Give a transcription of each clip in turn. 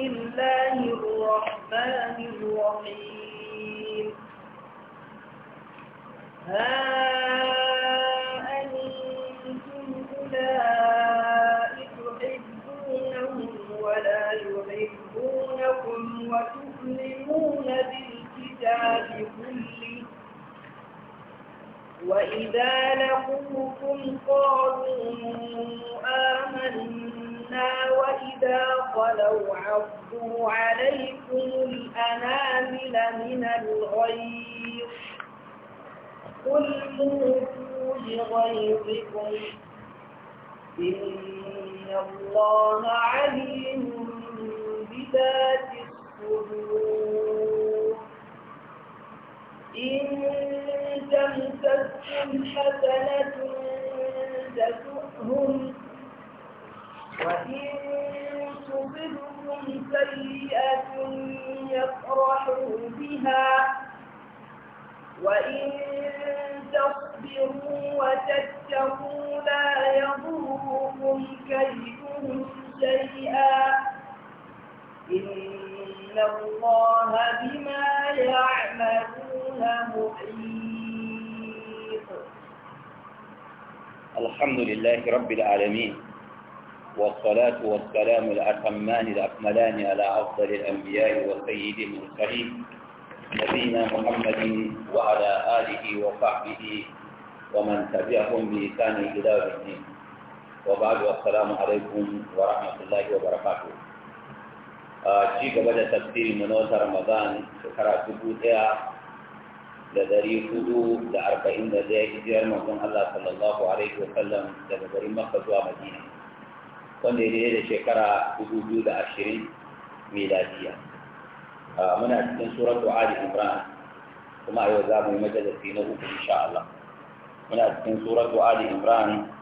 الله الرحمن الرحيم ها أنتم أولئك تحبونهم ولا يحبونكم وتؤمنون بالكتاب كله وإذا لقوكم قالوا ولو عرضوا عليكم الأنامل من الغيظ قل موتوا بغيظكم إن الله عليم بذات الصدور إن تمسكم حسنة تسؤهم وإن سيئة يفرحوا بها وإن تصبروا وتتقوا لا يضركم كيدهم شيئا إن الله بما يعملون محيط الحمد لله رب العالمين والصلاة والسلام الأتمان الأكملان على أفضل الأنبياء والسيد المرسلين نبينا محمد وعلى آله وصحبه ومن تبعهم بإحسان إلى يوم الدين وبعد والسلام عليكم ورحمة الله وبركاته ci آه، قبل تفسير tafsirin mu na Ramadan shekara dubu ɗaya da dari hudu da arba'in da ɗaya hijirar manzon Allah wanda ya da shekara 2020 miladiya muna cikin suratu ali imran kuma yau za mu yi majalisi na uku insha Allah muna cikin suratu ali imran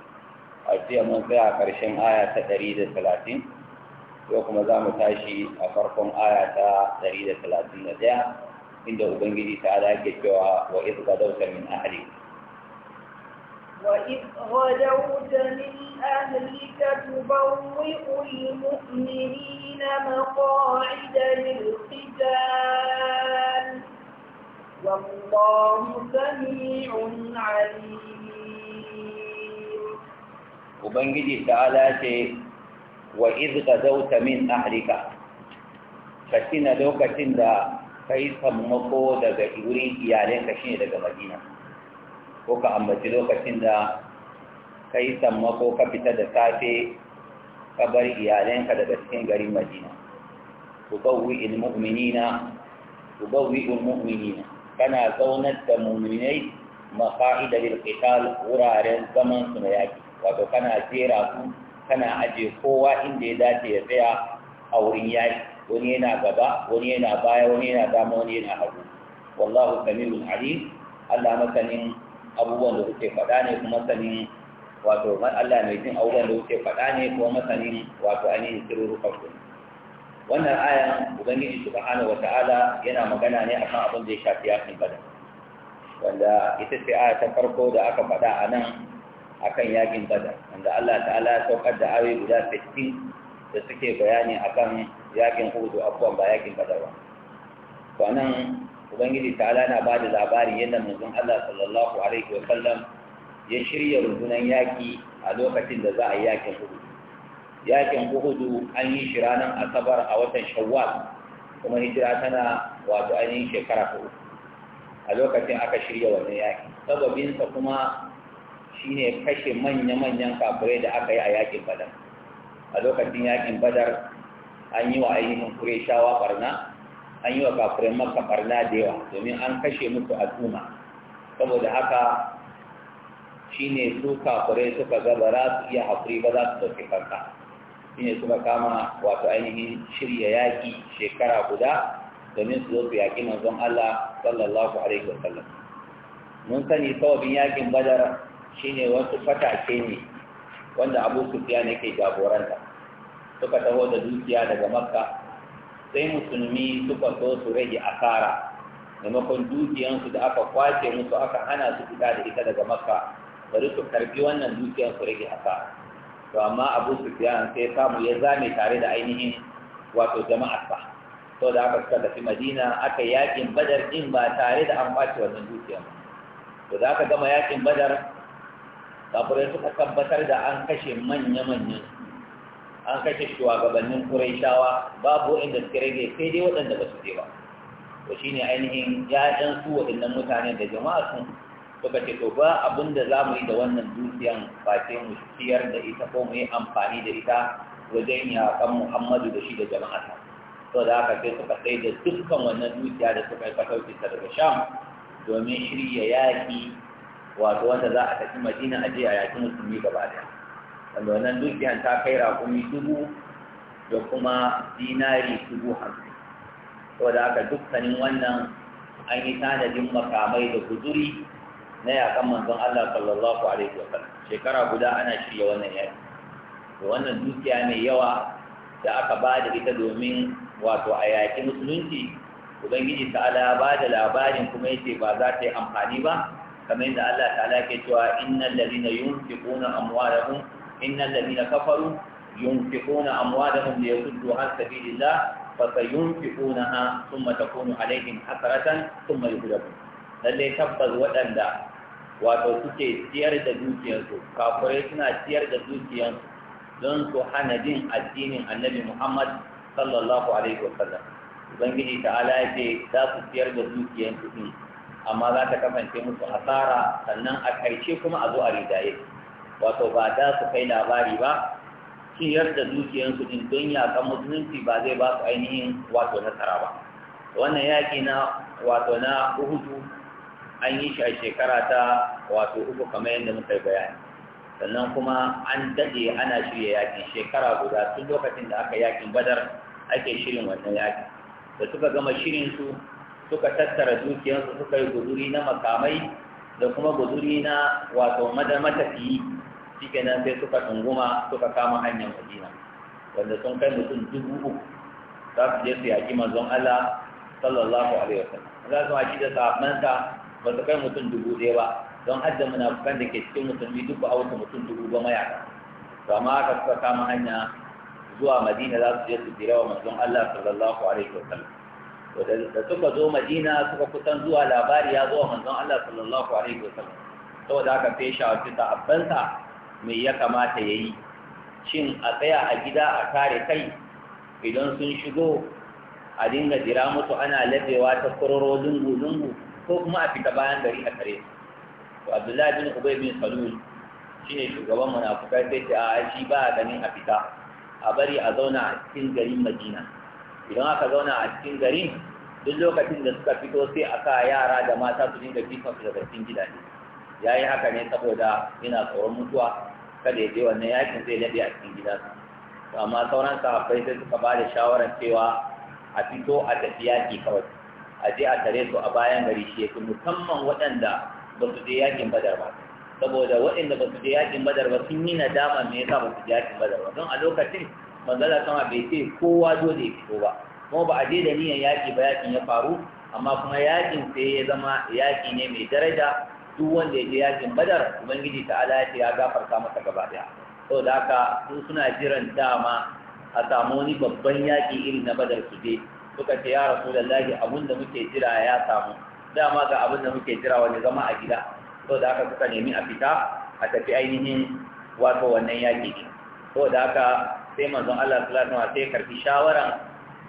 a cikin mun tsaya karshen aya ta 130 yau kuma za mu tashi a farkon aya ta 131 inda ubangiji ta ala ke cewa wa idh gadawta min ahlik وإذ غدوت من أهلك تبوئ المؤمنين مقاعد للقتال والله سميع عليم Ubangiji ta'ala ce wa izga zauta min ahlika ka tina lokacin da ka yi sammako daga wurin iyalinka shine daga madina ko ka ambaci lokacin da ka yi ko ka fita da safe ka bar iyalanka daga cikin garin madina ku almu'minina tubawwi almu'minina kana zaunar da mu'minai maqa'ida lil qital wuraren zaman su na yaki wato kana jera su kana aje kowa inda ya dace ya tsaya a wurin yaki wani yana gaba wani yana baya wani yana dama wani yana hagu wallahu samiul alim Allah masanin abubuwan da suke faɗa ne kuma sanin wato Allah mai jin abubuwan da suke faɗa ne kuma masanin wato ainihin sirrukan ku wannan ayan ubangiji subhanahu wataala yana magana ne akan abin da ya shafi yakin badar wanda ita ce aya ta farko da aka faɗa a nan akan yakin badar wanda Allah ta'ala ya saukar da ayoyi guda 60 da suke bayani akan yakin hudu abubuwan ba yakin badar ba to nan ubangiji ta'ala na ba da labarin yadda manzon Allah sallallahu alaihi wa sallam ya shirya rundunar yaƙi a lokacin da za a yi yaƙin Uhud yaƙin Uhud an yi shi ranar Asabar a watan Shawwal kuma hijira tana wato ainihin shekara ta a lokacin aka shirya wannan yaƙi sababinsa kuma shine kashe manya-manyan kafirai da aka yi a yaƙin Badar a lokacin yaƙin Badar an yi wa ainihin kureshawa barna an yi wa kafirin maka barna da yawa domin an kashe musu al'umma saboda haka shine su kafirai suka ga ba za su iya haƙuri ba za su ɗauki farka shine suka kama wato ainihin shirya yaƙi shekara guda domin su zo su yaƙi manzon Allah sallallahu alaihi wasallam mun sani sababin yaƙin badar shine wasu fatake ne wanda abu sufiya ne ke jagoranta suka taho da dukiya daga makka sai musulmi suka so su rage asara maimakon dukiyansu da aka kwace musu aka hana su fita da ita daga makka bari su karbi wannan dukiyansu su rage asara to amma abu sufyan sai samu ya zame tare da ainihin wato jama'ar ba, to da aka suka tafi madina aka yakin badar din ba tare da an kwace wannan dukiyan. to da aka gama yakin badar kafirai suka tabbatar da an kashe manya-manyan an kashe shugabannin Qurayshawa babu inda suka rage sai dai waɗanda ba su je ba to ne ainihin ya'yan su waɗannan mutanen da jama'a sun suka ce to ba abin da za mu yi da wannan dukiyan face mu ciyar da ita ko mu yi amfani da ita wajen yaƙan Muhammadu da shi da jama'a ta, to da haka sai suka sai da dukkan wannan dukiya da suka yi fatauci ta daga Sham domin shirya yaƙi wato wanda za a tafi Madina a je a yaƙi musulmi gaba daya wanda wannan dukiyan ta kai raƙumi dubu da kuma dinari dubu hamsin saboda haka dukkanin wannan an yi tanadin makamai da guzuri na yaƙan manzon Allah sallallahu alaihi wa sallam shekara guda ana shirya wannan yari. da wannan dukiya mai yawa da aka ba da ita domin wato a yaƙi musulunci ubangiji ta'ala ya ba da labarin kuma yace ba za ta yi amfani ba kamar yadda Allah ta'ala ke cewa innal ladina yunfiquna amwalahum إن الذين كفروا ينفقون أموالهم ليصدوا عن سبيل الله فسينفقونها ثم تكون عليهم حسرة ثم يغلبون lalle tabbas waɗanda wato suke siyar da dukiyarsu kafirai suna siyar da dukiyarsu don su hana jin addinin annabi Muhammad sallallahu alaihi wasallam ubangiji ta'ala ya ce za su siyar da dukiyarsu din amma za ta kasance musu asara sannan a karshe kuma a zo a ridaye su wato ba da su kai labari ba shi da dukiyansu din don yaƙan musulunci ba zai ba su ainihin wato nasara ba wannan yaƙi na wato na uhudu an yi shi a shekara ta wato uku kamar yadda muka yi bayani sannan kuma an daɗe ana shirya yaƙi shekara guda tun lokacin da aka yaƙin badar ake shirin wannan yaƙi da suka gama shirin su suka tattara dukiyansu suka yi guduri na makamai da kuma guduri na wato matafiyi shi kenan sai suka tunguma suka kama hanyar madina wanda sun kai mutum dubu uku za su je su yaƙi manzon Allah sallallahu alaihi wasallam za su haƙi da sahabbansa ba su kai mutum dubu ɗaya ba don hadda munafukan da ke cikin musulmi duk ba a wuce mutum dubu ba mayaka to amma haka suka kama hanya zuwa madina za su je su jira wa manzon Allah sallallahu alaihi wasallam da suka zo madina suka kusan zuwa labari ya zuwa manzon Allah sallallahu alaihi wasallam saboda haka fesha wa fita abbansa me ya kamata ya yi shin a tsaya a gida a kare kai idan sun shigo a dinga jira mutu ana labewa ta kororo zungu-zungu? ko kuma a fita bayan gari a kare to abdullahi bin ubay bin salul shine shugaban munafukai sai ce a shi ba a ganin a fita a bari a zauna a cikin garin madina idan aka zauna a cikin garin duk lokacin da suka fito sai a sa yara da mata su dinga fifan su daga cikin gidaje ya yi haka ne saboda yana tsoron mutuwa kada ya je wannan yakin zai nade a cikin gidansa to amma sauran sahabbai sai suka ba da shawarar cewa a fito a tafi yaki kawai a je a tare su a bayan gari shi yake musamman waɗanda ba su je yakin badar ba saboda waɗanda ba su je yakin badar ba sun yi nadama me yasa ba su je yakin badar ba don a lokacin manzala sama bai ce kowa dole ya fito ba kuma ba a je da niyan yaki ba yakin ya faru amma kuma yakin sai ya zama yaki ne mai daraja duk wanda ya je yakin badar ubangiji ta ala ce ya gafarta masa gaba daya to da haka su suna jiran dama a samu wani babban yaki irin na badar su je suka ce ya rasulullahi abin da muke jira ya samu dama ga abin da muke jira wani zama a gida to da haka suka nemi a fita a tafi ainihin wato wannan yaki ne to da haka sai manzon Allah sallallahu alaihi wasallam sai karfi shawaran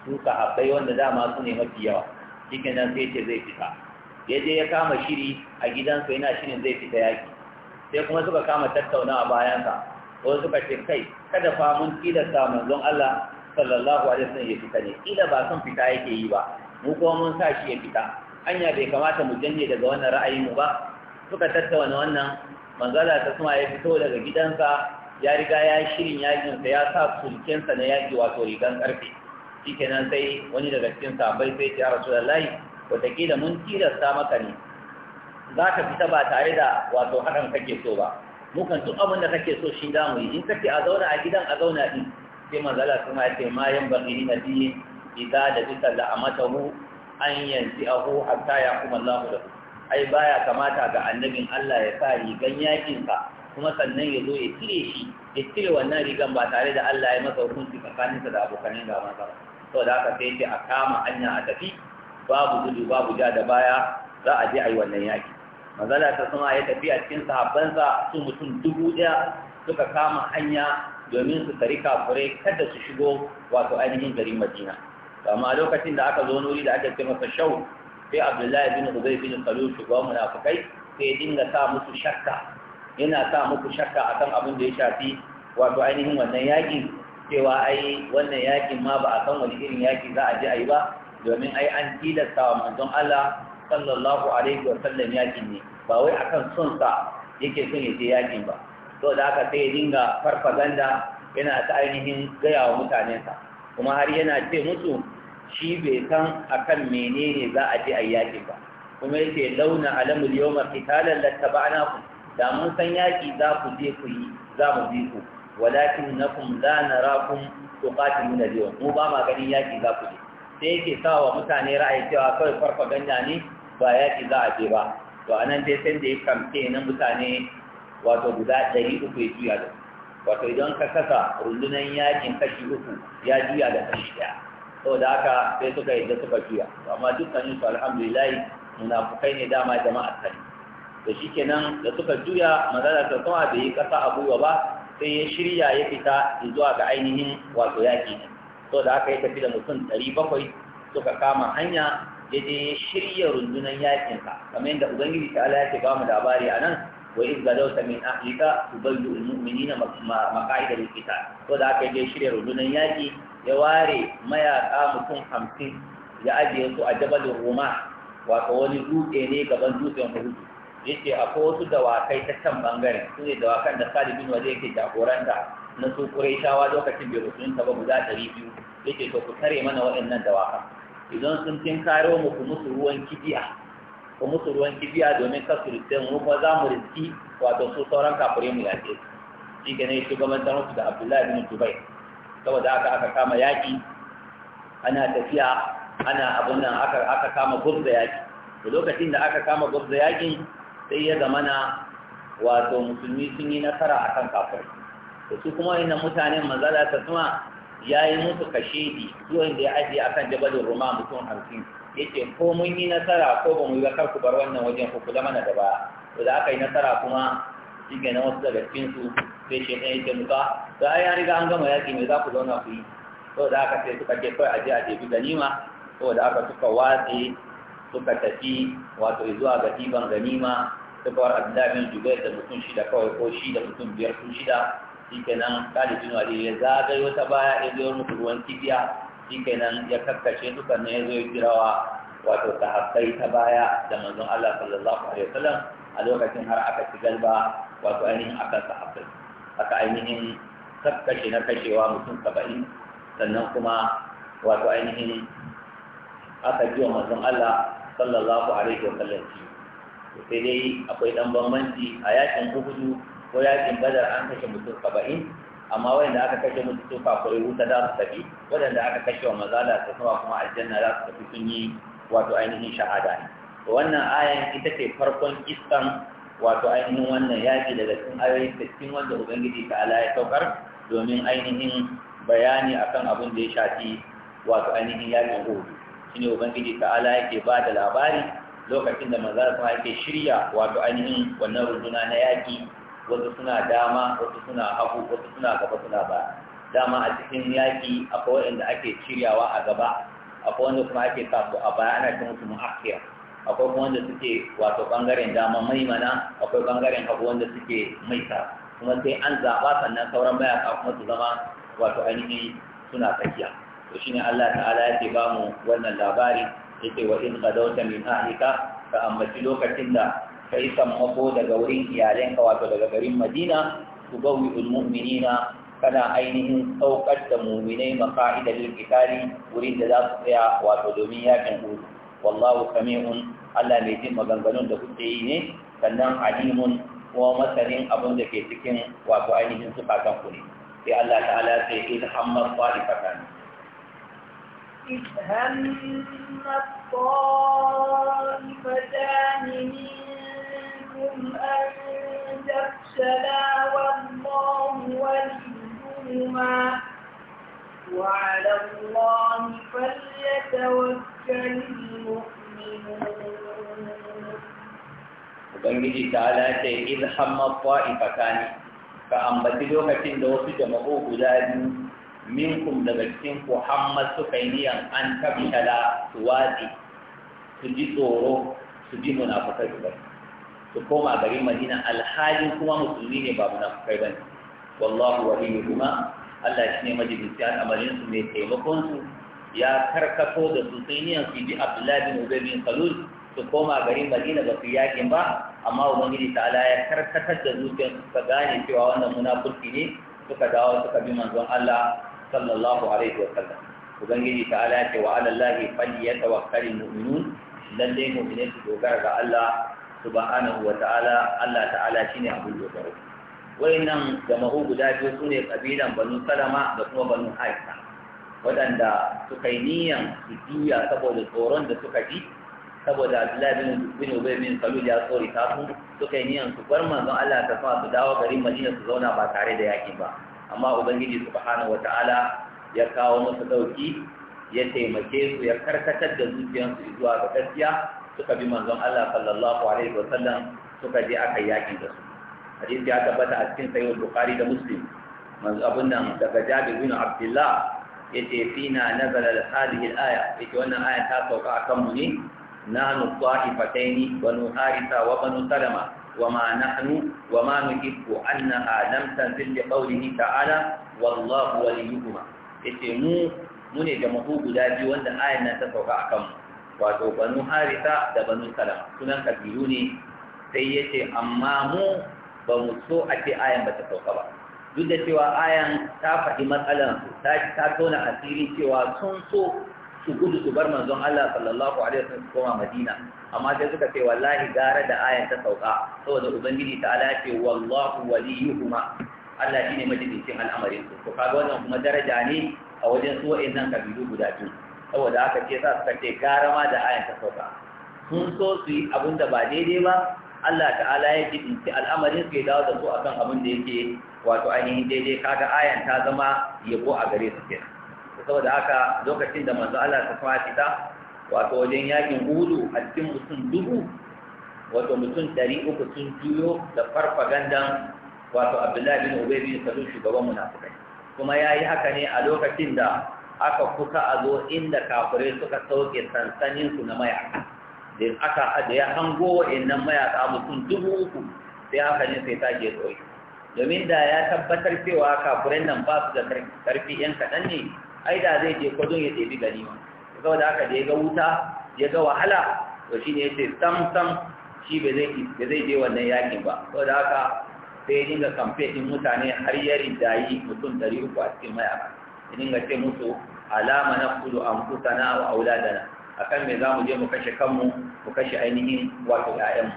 su sahabbai wanda dama su ne mafi yawa nan sai ce zai fita ya je ya kama shiri a gidansa yana shirin zai fita yaki sai kuma suka kama tattauna tattaunawa bayansa ko suka ce kai kada fa mun tilasta manzon Allah sallallahu alaihi wasallam ya fita ne kila ba san fita yake yi ba mu kuma mun sa shi ya fita hanya bai kamata mu janye daga wannan ra'ayin mu ba suka tattauna wannan manzala ta suma ya fito daga gidansa ya riga ya shirin sa ya sa sulkensa na yaki wato rigan karfe shikenan sai wani daga cikin sahabbai sai ya rasu da layi wataƙila mun tilasta maka ne za ka fita ba tare da wato hakan kake so ba mukan duk abin da kake so shi za mu yi in kake a zauna a gidan a zauna din sai manzala kuma ya ce ma yan baki na biyu idza da bisa la'amatahu an yanzu ahu hatta ya kuma Allah da ai baya kamata ga annabin Allah ya sa rigan yakin kuma sannan ya zo ya cire shi ya cire wannan rigan ba tare da Allah ya masa hukunci tsakaninsa da abokanin gaban sa saboda haka sai ce a kama hanya a tafi babu gudu babu ja da baya za a je a yi wannan yaki manzala ta sama ya tafi a cikin sahabbansa su mutum dubu ɗaya suka kama hanya domin su tari kafurai kada su shigo wato ainihin garin madina amma lokacin da aka zo nuri da aka ce masa shau sai abdullahi bin ubay bin salul shugaban munafikai sai dinga sa musu shakka yana sa muku shakka akan abin da ya shafi wato ainihin wannan yaƙi cewa ai wannan yakin ma ba a san wani irin yaki za a je a yi ba domin ai an tilasta wa manzon Allah sallallahu alaihi wa sallam yakin ne ba wai akan son sa yake son ya je yakin ba to da aka sai ya dinga farfaganda yana ta ainihin gaya wa mutanensa kuma har yana ce musu shi bai san akan menene za a je a yakin ba kuma yace launa alamul yawma qitalan ku da mun san yaki za ku je ku yi za mu bi ku walakin nakum la narakum tuqatiluna al mu ba ma ganin yaki za ku je sai yake sa wa mutane ra'ayi cewa kawai farfaganda ne ba yaƙi za a je ba to a nan dai sai da ya kamfe na mutane wato guda ɗari uku ya juya da wato idan ka kasa rundunar yakin kashi uku ya juya da kashi ɗaya saboda haka sai suka yi da suka juya amma dukkanin su alhamdulillah munafukai ne dama jama'a sani da shi kenan da suka juya magana ta sama bai yi kasa a gwiwa ba sai ya shirya ya fita zuwa ga ainihin wato yaƙi ne so da aka yi tafi da mutum ɗari bakwai suka kama hanya ya je shirya rundunar yakinsa kamar yadda ubangiji ta ala yake ba mu labari a nan wa iz gadawta min ahlika tubayyu na maqaida lilqital to da aka je shirya rundunar yaki ya ware mayaka mutum hamsin ya ajiye su a jabalin roma wato wani dutse ne gaban dutsen hudu yake akwai wasu dawakai ta can bangaren su ne dawakan da Khalid bin yake jagoranta na su shawa lokacin bai ta ba guda ɗari biyu yake to ku tare mana waɗannan dawaka idan sun karo mu ku musu ruwan kibiya ku musu ruwan kibiya domin kar su rike mu kuma za mu riski wato su sauran kafure mu yaƙe shi ke ne shugabantar musu da Abdullahi bin Dubai saboda haka aka kama yaƙi ana tafiya ana abun nan aka kama gurza yaƙi da lokacin da aka kama gurza yaƙin sai ya zamana wato musulmi sun yi nasara akan kafirai Kutu su kuma inda mutanen manzala ta suma ya yi musu kashedi zuwan da ya ajiye kan jabalin roma mutum hamsin ya ce ko mun yi nasara ko ba mu yi ba ku bar wannan wajen ku kula mana da ba to da aka yi nasara kuma shi ke na wasu daga cikin su sai shi ɗaya ce muka ah, to ai an riga an gama yaƙi mai za ku zauna ku yi to da aka sai suka je kawai aje a jefi ganima to da aka suka watse suka tafi wato zuwa ga ɗiban ganima suka war abdullahi bin jubair da mutum shida kawai ko shida mutum biyar sun shida shi kenan ɗalibin wali ya zagayo ta baya ya zo mu ruwan kibiya shi kenan ya kakkashe dukkanin ya zo ya kirawa wato ta haƙƙai ta baya da manzon Allah sallallahu alaihi wasallam a lokacin har aka ci galba wato ainihin ta sahabbai aka ainihin kakkashe na kashewa mutum saba'in sannan kuma wato ainihin aka ji wa manzon Allah sallallahu alaihi wasallam sai dai akwai ɗan bambanci a yakin uhudu ko yakin badar an kashe mutum saba'in amma wanda aka kashe musu su kafirai wuta za su tafi waɗanda aka kashe wa mazala ta kuma kuma aljanna za su tafi sun yi wato ainihin shahada ne to wannan ayan ita ce farkon iskan wato ainihin wannan yaƙi daga cikin ayoyi sittin wanda ubangiji ta ala ya saukar domin ainihin bayani akan abin da ya shafi wato ainihin yaƙin hudu shine ubangiji ta ala yake ba da labari lokacin da mazala kuma yake shirya wato ainihin wannan runduna na yaƙi wasu suna dama wasu suna hagu wasu suna gaba suna baya dama a cikin yaƙi akwai waɗanda ake shiryawa a gaba akwai wanda kuma ake sa a baya ana cin musu mu'akhir akwai kuma wanda suke wato bangaren dama maimana akwai bangaren hagu wanda suke sa kuma sai an zaɓa sannan sauran ka kuma su zama wato ainihin suna tsakiya to shi ne Allah ta'ala ya ce ba mu wannan labari yace wa in qadawta min ahlika ka ambaci lokacin da kai yi sammako daga wurin iyalanka wato daga garin madina ku gawi ulmu'minina kana ainihin saukar da muminai maka'ida lil wurin da za su tsaya wato domin yakin uhud wallahu sami'un Allah mai jin maganganun da kuke yi ne sannan alimun kuma masanin abin da ke cikin wato ainihin zukatan ku ne sai Allah ta'ala sai in hammar qalifatan إذ هم الطائفتان لكم أن تفشلا والله وليهما وعلى الله فليتوكل المؤمنون Ubangiji ta'ala ce iz hamma ta'ifatani ka ambaci lokacin da wasu jama'u guda biyu minkum daga cikin ku hamma suka yi niyan an tabshala su watsi su ji tsoro su ji munafukai su bari su koma garin madina alhali kuma musulmi ne ba munafukai ba ne wallahu waliyu kuma allah shi ne majalisi al'amarin su mai taimakon su ya karkato da su sai niyan su bi abdullahi bin ubay bin salul su koma garin madina ba su yakin ba amma ubangiji ta'ala ya karkatar da zuciyar su ka gane cewa wannan munafurci ne suka dawo suka bi manzon allah sallallahu alaihi wa sallam ubangiji ta'ala ya ce wa ala allahi falyatawakkalul mu'minun lalle mu'minin su dogara ga allah subhanahu wa ta'ala Allah ta'ala shine abin dogaro wayannan jama'u guda biyu sune kabilan banu salama da kuma banu haisa waɗanda suka yi niyan su juya saboda tsoron da suka ji saboda abdullahi bin bin ubay bin ya tsori ta su suka yi niyan su bar manzon Allah ta sa su dawo garin Madina su zauna ba tare da yaƙi ba amma ubangiji subhanahu wa ta'ala ya kawo musu dauki ya taimake su ya karkatar da zuciyarsu zuwa ga gaskiya suka bi manzon Allah sallallahu alaihi wa sallam suka je aka yaki da su hadisi ya tabbata a cikin sahih bukhari da muslim manzo abun nan daga Jabir bin Abdullah yace fina nazala hadhihi al-aya yace wannan aya ta sauka akan mu ne nahnu qa'ifataini wa nuharisa wa banu salama وما نحن وما نحب أنها لم تنزل لقوله تعالى والله وليهما إتمو من جمهور بلادي وأن آية نتفق أكمل wato banu harisa da banu salama sunan kabilu ne sai ya ce amma mu ba mu so a ce ayan ba ta sauka ba duk da cewa ayan ta faɗi matsalan su ta tona asiri cewa sun so su gudu su bar manzon Allah sallallahu alaihi wasallam su koma Madina amma sai suka ce wallahi gara da ayan ta sauka saboda ubangiji ta ala ce wallahu waliyuhuma Allah shine majalisin al'amarin su to kaga wannan kuma daraja ne a wajen su wa'annan kabilu guda biyu saboda aka ce sa su kace garama da ayan ta sauka sun so su yi abin da ba daidai ba Allah ta'ala ya ce al'amarin su ya dawo da su akan abin da yake wato ainihin daidai kaga ayan ta zama yabo a gare su kenan saboda haka lokacin da manzo Allah ta kuma fita wato wajen yakin hudu a cikin mutum dubu wato mutum ɗari uku sun juyo da farfagandan wato Abdullahi bin Ubay bin salu shugaban munafikai kuma yayi haka ne a lokacin da aka kusa a zo inda kafure suka sauke sansaninsu na mayaka da aka ajiye hango wa'annan mayaka mutum dubu uku sai haka ne sai tage tsoye domin da ya tabbatar cewa kafirai nan ba su da karfi yan kaɗan ne ai da zai je kwadon ya ɗebi ganima saboda haka da ya ga wuta ya ga wahala to shi ne ya ce sam sam shi ba zai je wannan yakin ba da haka sai ya dinga kamfe ɗin mutane har ya ridayi mutum ɗari uku a cikin mayaka dinga ce musu alama na kudu an kusa na wa auladana akan me za mu je mu kashe kanmu mu kashe ainihin wato ƴaƴanmu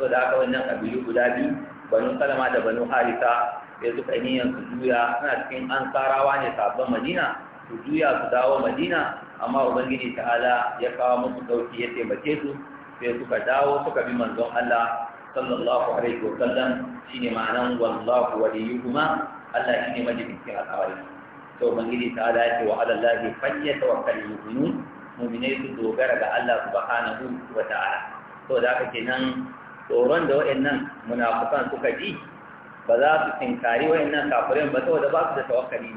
so da haka wannan kabilu guda biyu banu salama da banu harisa Ya suka ainihin su juya suna cikin an sarawa ne sabon madina su juya su dawo madina amma ubangiji ta'ala ya kawo musu dauki ya taimake su sai suka dawo suka bi manzon Allah sallallahu alaihi wa sallam shine ma'anan wallahu waliyuhuma Allah shine majibin al'amari da ubangiji ta ala yake wa ala lahi fanya tawakkal mu'minun mu'minai su dogara ga Allah subhanahu wa ta'ala to da haka kenan tsoron da wayannan munafikan suka ji ba za su tinkari wayannan kafirin ba saboda ba su da tawakkali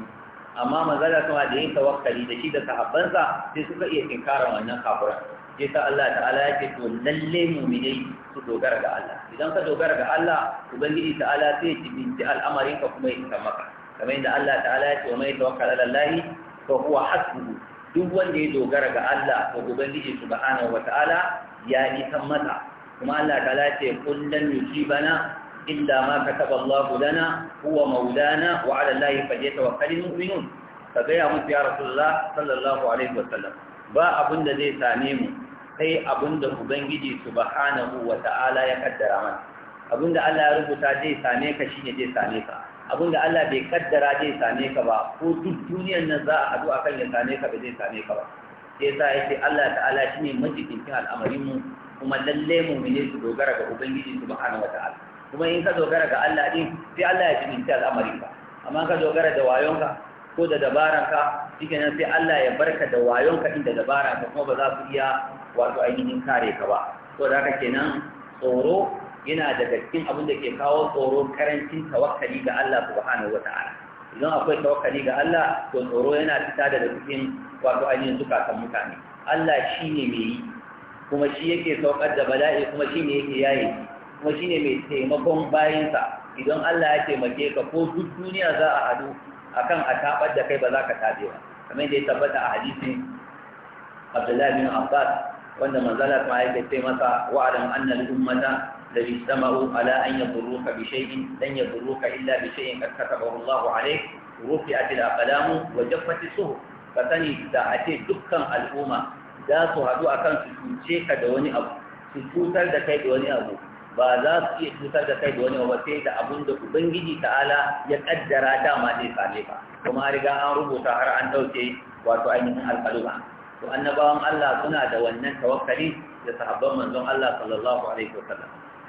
amma manzala kuma da yin tawakkali da shi da sahabbansa sai suka iya tinkarar wannan kafirin sai sa Allah ta'ala ya yake to lalle mu'minai su dogara ga Allah idan ka dogara ga Allah ubangiji ta'ala sai ya jibinci al'amarin ka kuma ya isa maka kamar yadda Allah ta'ala ya ce wa mai tawakkal ala Allah fa huwa hasbuhu duk wanda ya dogara ga Allah ko ubangiji subhanahu wa ta'ala ya yi kan mata kuma Allah ta'ala ya ce kun kullun yujibana illa ma kataba Allah lana huwa maulana wa ala Allah falyatawakkalul mu'minun ka gaya musu ya rasulullah sallallahu alaihi wa sallam ba abin da zai same mu sai abin da ubangiji subhanahu wa ta'ala ya kaddara mana abin da Allah ya rubuta zai same ka shine zai same ka Abin da Allah bai kaddara zai same ka ba ko duk duniyar nan za a hadu a kan ya same ka ba zai same ka ba sai sa ya ce Allah ta'ala shi ne majibincin al'amarinmu kuma lalle mu ne su dogara ga Ubangiji subhanahu wa ta'ala kuma in ka dogara ga Allah din sai Allah ya jibinci al'amarin ka amma ka dogara da wayonka ko da dabaranka shike nan sai Allah ya barka da wayonka inda dabaranka kuma ba za su iya wato ainihin kare ka ba to da haka kenan tsoro yana daga cikin abin da ke kawo tsoro karancin tawakkali ga Allah subhanahu wa ta'ala idan akwai tawakkali ga Allah to tsoro yana fita daga cikin wato ainihin zukatan mutane Allah shi ne mai yi kuma shi yake saukar da bala'i kuma shi ne yake yaye kuma shi ne mai taimakon bayansa idan Allah ya taimake ka ko duk duniya za a hadu akan a tabar da kai ba za ka tabe ba kamar da ya tabbata a hadisin Abdullahi bin Abbas wanda manzala ta yake ce masa wa'adan annal ummata لبي illa على أن يضروك بشيء لن يضروك إلا بشيء قد كتبه الله عليك رفعت الأقلام وجفت الصهر فتني ساعتي دكا الأمة ذات هدوء كان سوتشيك دوني أبو سوتر دكاي دوني أبو ba za su iya cutar da kai da wani ba sai da abun da ubangiji ta'ala ya kaddara ta zai same ka kuma riga an rubuta har an dauke wato ainihin alƙaluma to annabawan Allah suna da wannan tawakkali da sahabban manzon Allah sallallahu alaihi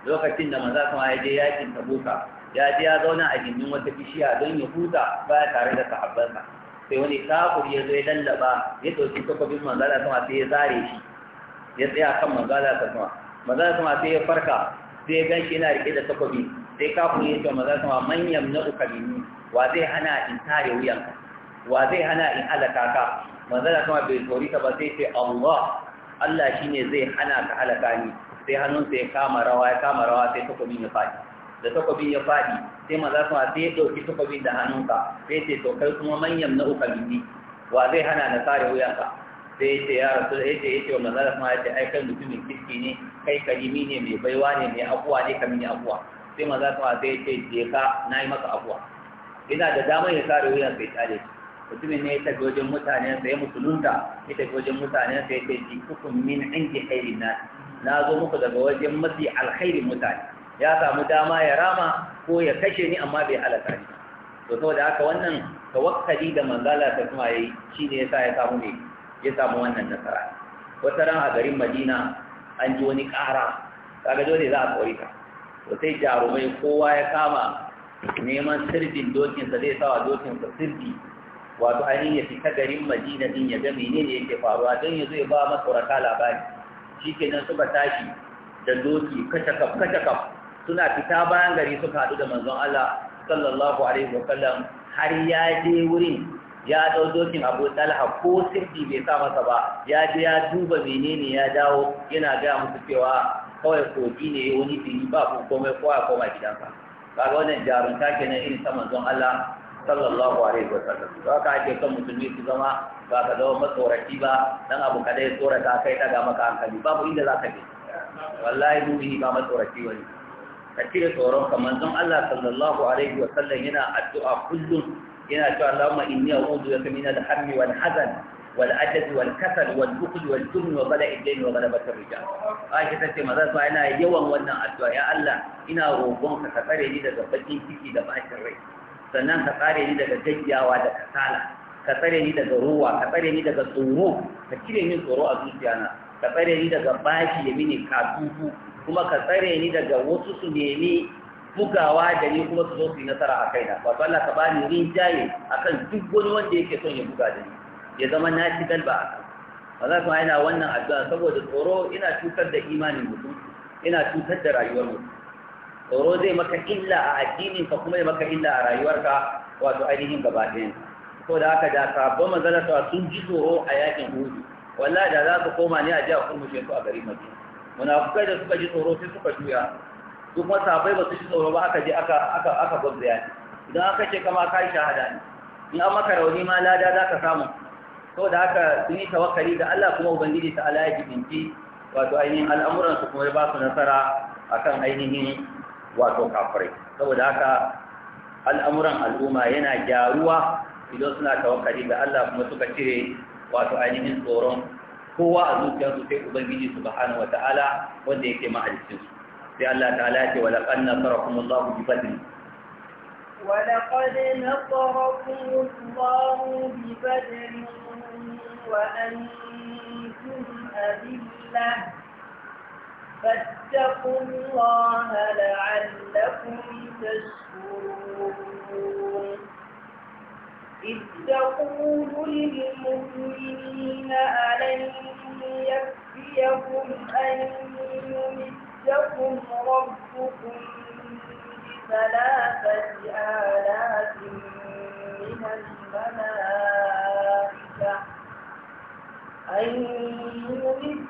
lokacin da maza kuma ya je yakin tabuka ya je ya zauna a gindin wata bishiya don ya huta ya tare da sahabbansa sai wani kafuri ya zo ya lallaba ya ɗauki takobin manzala sama sai ya zare shi ya tsaya kan manzala sama manzala sama sai ya farka sai ya gan shi yana riƙe da takobi sai kafuri ya ce manzala sama manyan na uka wa zai hana in tare wuyanka wa zai hana in halaka ka manzala sama bai tsori ta ba sai ce Allah Allah shi ne zai hana ka halaka ni sai hannunsa ya kama rawa ya kama rawa sai takobin ya faɗi da takobin ya faɗi sai maza kuma sai ya ɗauki takobin da hannunka sai ce to kai kuma manyan na uka minni wa zai hana na sare wuyanka sai ya ce ya rasu ya ce ya ce wa maza kuma ya ce ai kai mutumin kirki ne kai kalimi ne mai baiwa ne mai abuwa ne kamin ya abuwa. sai maza kuma sai ya ce je ka na yi maka abuwa. ina da damar ya sare wuyan ya tsare shi mutumin ne ya tafi wajen mutane sa ya musulunta ya tafi wajen mutane sa ya ce ji kukun min inji na na zo muku daga wajen mafi alkhairin mutane ya samu dama ya rama ko ya kashe ni amma bai halaka ni to saboda haka wannan tawakkali da manzala ta kuma yayi shine yasa ya samu ne ya samu wannan nasara wata ran a garin Madina an ji wani ƙara kaga dole za a kori ka to sai jarumai kowa ya kama neman sirdin dokinsa zai sawa dokinsa sirdi wato ainihin ya fita garin madina din ya ga menene yake faruwa don ya zo ya ba masaurata labari shikenan suka tashi da doki kacakaf kacakaf suna fita bayan gari suka haɗu da manzon Allah sallallahu alaihi wa har ya je wurin ya dau dokin Abu Talha ko sirdi bai sa masa ba ya je ya duba menene ya dawo yana gaya musu cewa kawai kogi ne wani fili ba ko komai kowa koma gidansa kaga wannan jarumta kenan irin ta manzon Allah sallallahu alaihi wa sallam to ka ake son musulmi su zama ba ka zama matsoraci ba dan abu kada ya tsorata kai daga ga maka hankali babu inda za ka je wallahi mumini ba matsoraci wani ka cire tsoron ka manzon Allah sallallahu alaihi wa sallam yana addu'a kullum yana cewa Allahumma inni a'udhu bika min al-hammi wal hazan والعجز والكسل والبخل والجبن وبلاء الدين وغلبة الرجال عائشة تتي ماذا سوى أنا يوم وانا أدعى يا الله إنا روبون daga bakin لغبتي da لبعش rai. sannan ka tsare ni daga jajjawa da kasala ka tsare ni daga ruwa ka tsare ni daga tsoro ka cire min tsoro a zuciyana ka tsare ni daga bashi ya mini katutu kuma ka tsare ni daga wasu su nemi bugawa da ni kuma su zo su yi nasara a kaina wato Allah ka bani rinjaye akan duk wani wanda yake son ya buga da ni ya zama na ci galba a kan ba za su haina wannan addu'a saboda tsoro ina cutar da imanin mutum ina cutar da rayuwar mutum tsoro zai maka illa a addininka kuma zai maka illa a rayuwarka wato ainihin gaba ɗayan ko da haka da sabon ta sun ji tsoro a yakin hudu wallahi da za su koma ne a jiya a kurmushe su a garin madina munafukai da suka ji tsoro sai suka juya su kuma sabai ba su ji tsoro ba aka je aka aka aka gwabza yaki idan aka ce kama ka yi shahada ne in an maka rauni ma lada za ka samu ko da haka sun yi tawakkali ga Allah kuma ubangiji ta ala ya jibinci wato ainihin al'amuransu kuma ya ba su nasara akan ainihin wato kafirai saboda haka al'amuran al'umma yana gyaruwa idan suna tawakkali ga Allah kuma suka cire wato ainihin tsoron kowa a zuciyarsu sai ubangiji subhanahu wata'ala wanda yake mahalicin su sai Allah ta'ala ya ce wa laqad nasarakum Allah bi badr wa laqad nasarakum Allah bi badr wa antum adillah فاتقوا الله لعلكم تشكرون إذ تقول للمؤمنين ألن يكفيكم أن يمدكم ربكم بثلاثة آلاف من الملائكة أن يمدكم ربكم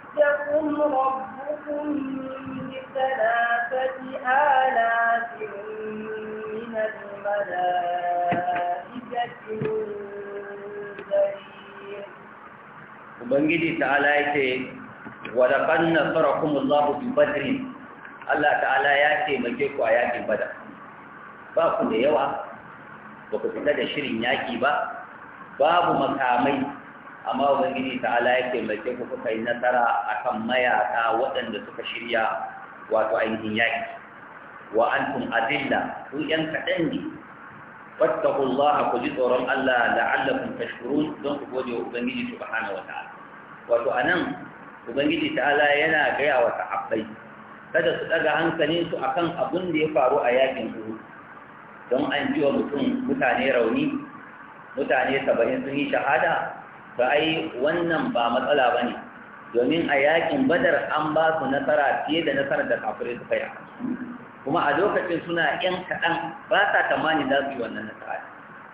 Ubangiji ta'ala ya ce, Wada na fara kuma Allah fi badri, Allah ta'ala ya ce mace ku a yaƙin bada. Ba ku da yawa, ba ku fita da shirin yaƙi ba, babu makamai amma ubangiji ta'ala ya taimake ku kuka yi nasara akan mayaka waɗanda suka shirya wato ainihin yaƙi wa an antum adilla ku yan kaɗan ne fattakullaha ku ji tsoron Allah la'allakum tashkurun don ku gode wa ubangiji subhanahu wa ta'ala wato a nan, ubangiji ta'ala yana gaya wa sahabbai kada su ɗaga hankalin su akan abin da ya faru a yaƙin Uhud don an ji wa mutum mutane rauni mutane saba'in sun yi shahada to ai wannan ba matsala ba ne domin a yakin badar an ba su nasara fiye da nasarar da kafirai suka yi kuma a lokacin suna yan kaɗan ba sa tamani za su yi wannan nasara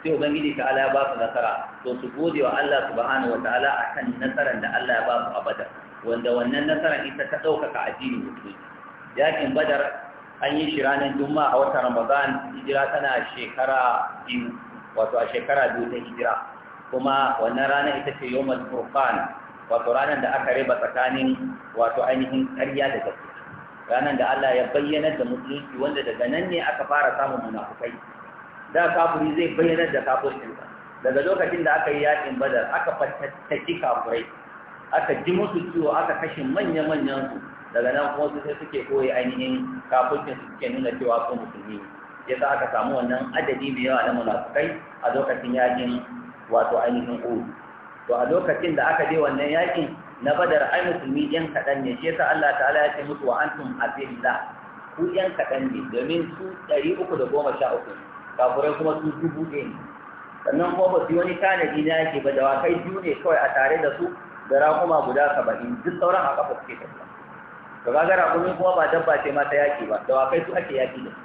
sai ubangiji ta ala ba su nasara to su gode wa Allah subhanahu wa ta'ala kan nasarar da Allah ya ba su a badar wanda wannan nasarar ita ta ɗaukaka addinin musulmi yakin badar an yi shi ranar juma'a a watan ramadan hijira tana shekara biyu wato a shekara biyu ta hijira kuma wannan rana ita ce mai furqan wato ranar da aka riba tsakanin wato ainihin karya da gaske ranar da Allah ya bayyana da musulunci wanda daga nan ne aka fara samun munafukai da kafuri zai bayyana da kafurcinsa daga lokacin da aka yi yakin badar aka fatattaki kafurai aka ji musu ciwo aka kashe manya-manyan su daga nan kuma su sai suke koyi ainihin kafurcin su suke nuna cewa su musulmi ya aka samu wannan adadi mai yawa na munafukai a lokacin yakin wato ainihin uhud to a lokacin da aka je wannan yakin na badar ai musulmi yan kaɗan ne shi yasa Allah ta'ala ya ce musu wa antum azilla ku yan kaɗan ne domin su ɗari uku da goma sha uku kafurai kuma su dubu ɗaya ne sannan kuma ba su yi wani tanadi na yake ba da wakai biyu ne kawai a tare da su da raƙuma guda saba'in duk sauran a ƙafa suke tafiya to ga raƙumin kuma ba dabba ce ma ta yaƙi ba da wakai su ake yaƙi da su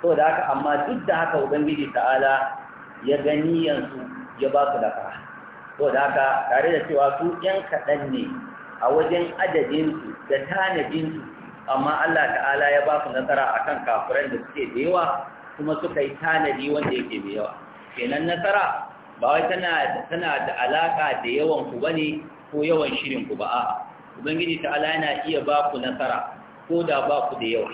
to da haka amma duk da haka ubangiji ta'ala ya gani yanzu. ya ba su to da haka tare da cewa su yan kaɗan ne a wajen adadinsu da tanadinsu amma Allah ta'ala ya ba su nasara akan kafiran da suke da yawa kuma suka yi tanadi wanda yake da yawa kenan nasara ba wai tana da alaƙa da yawan ku bane ko yawan shirin ku ba a ubangiji ta'ala yana iya ba ku nasara ko da ba ku da yawa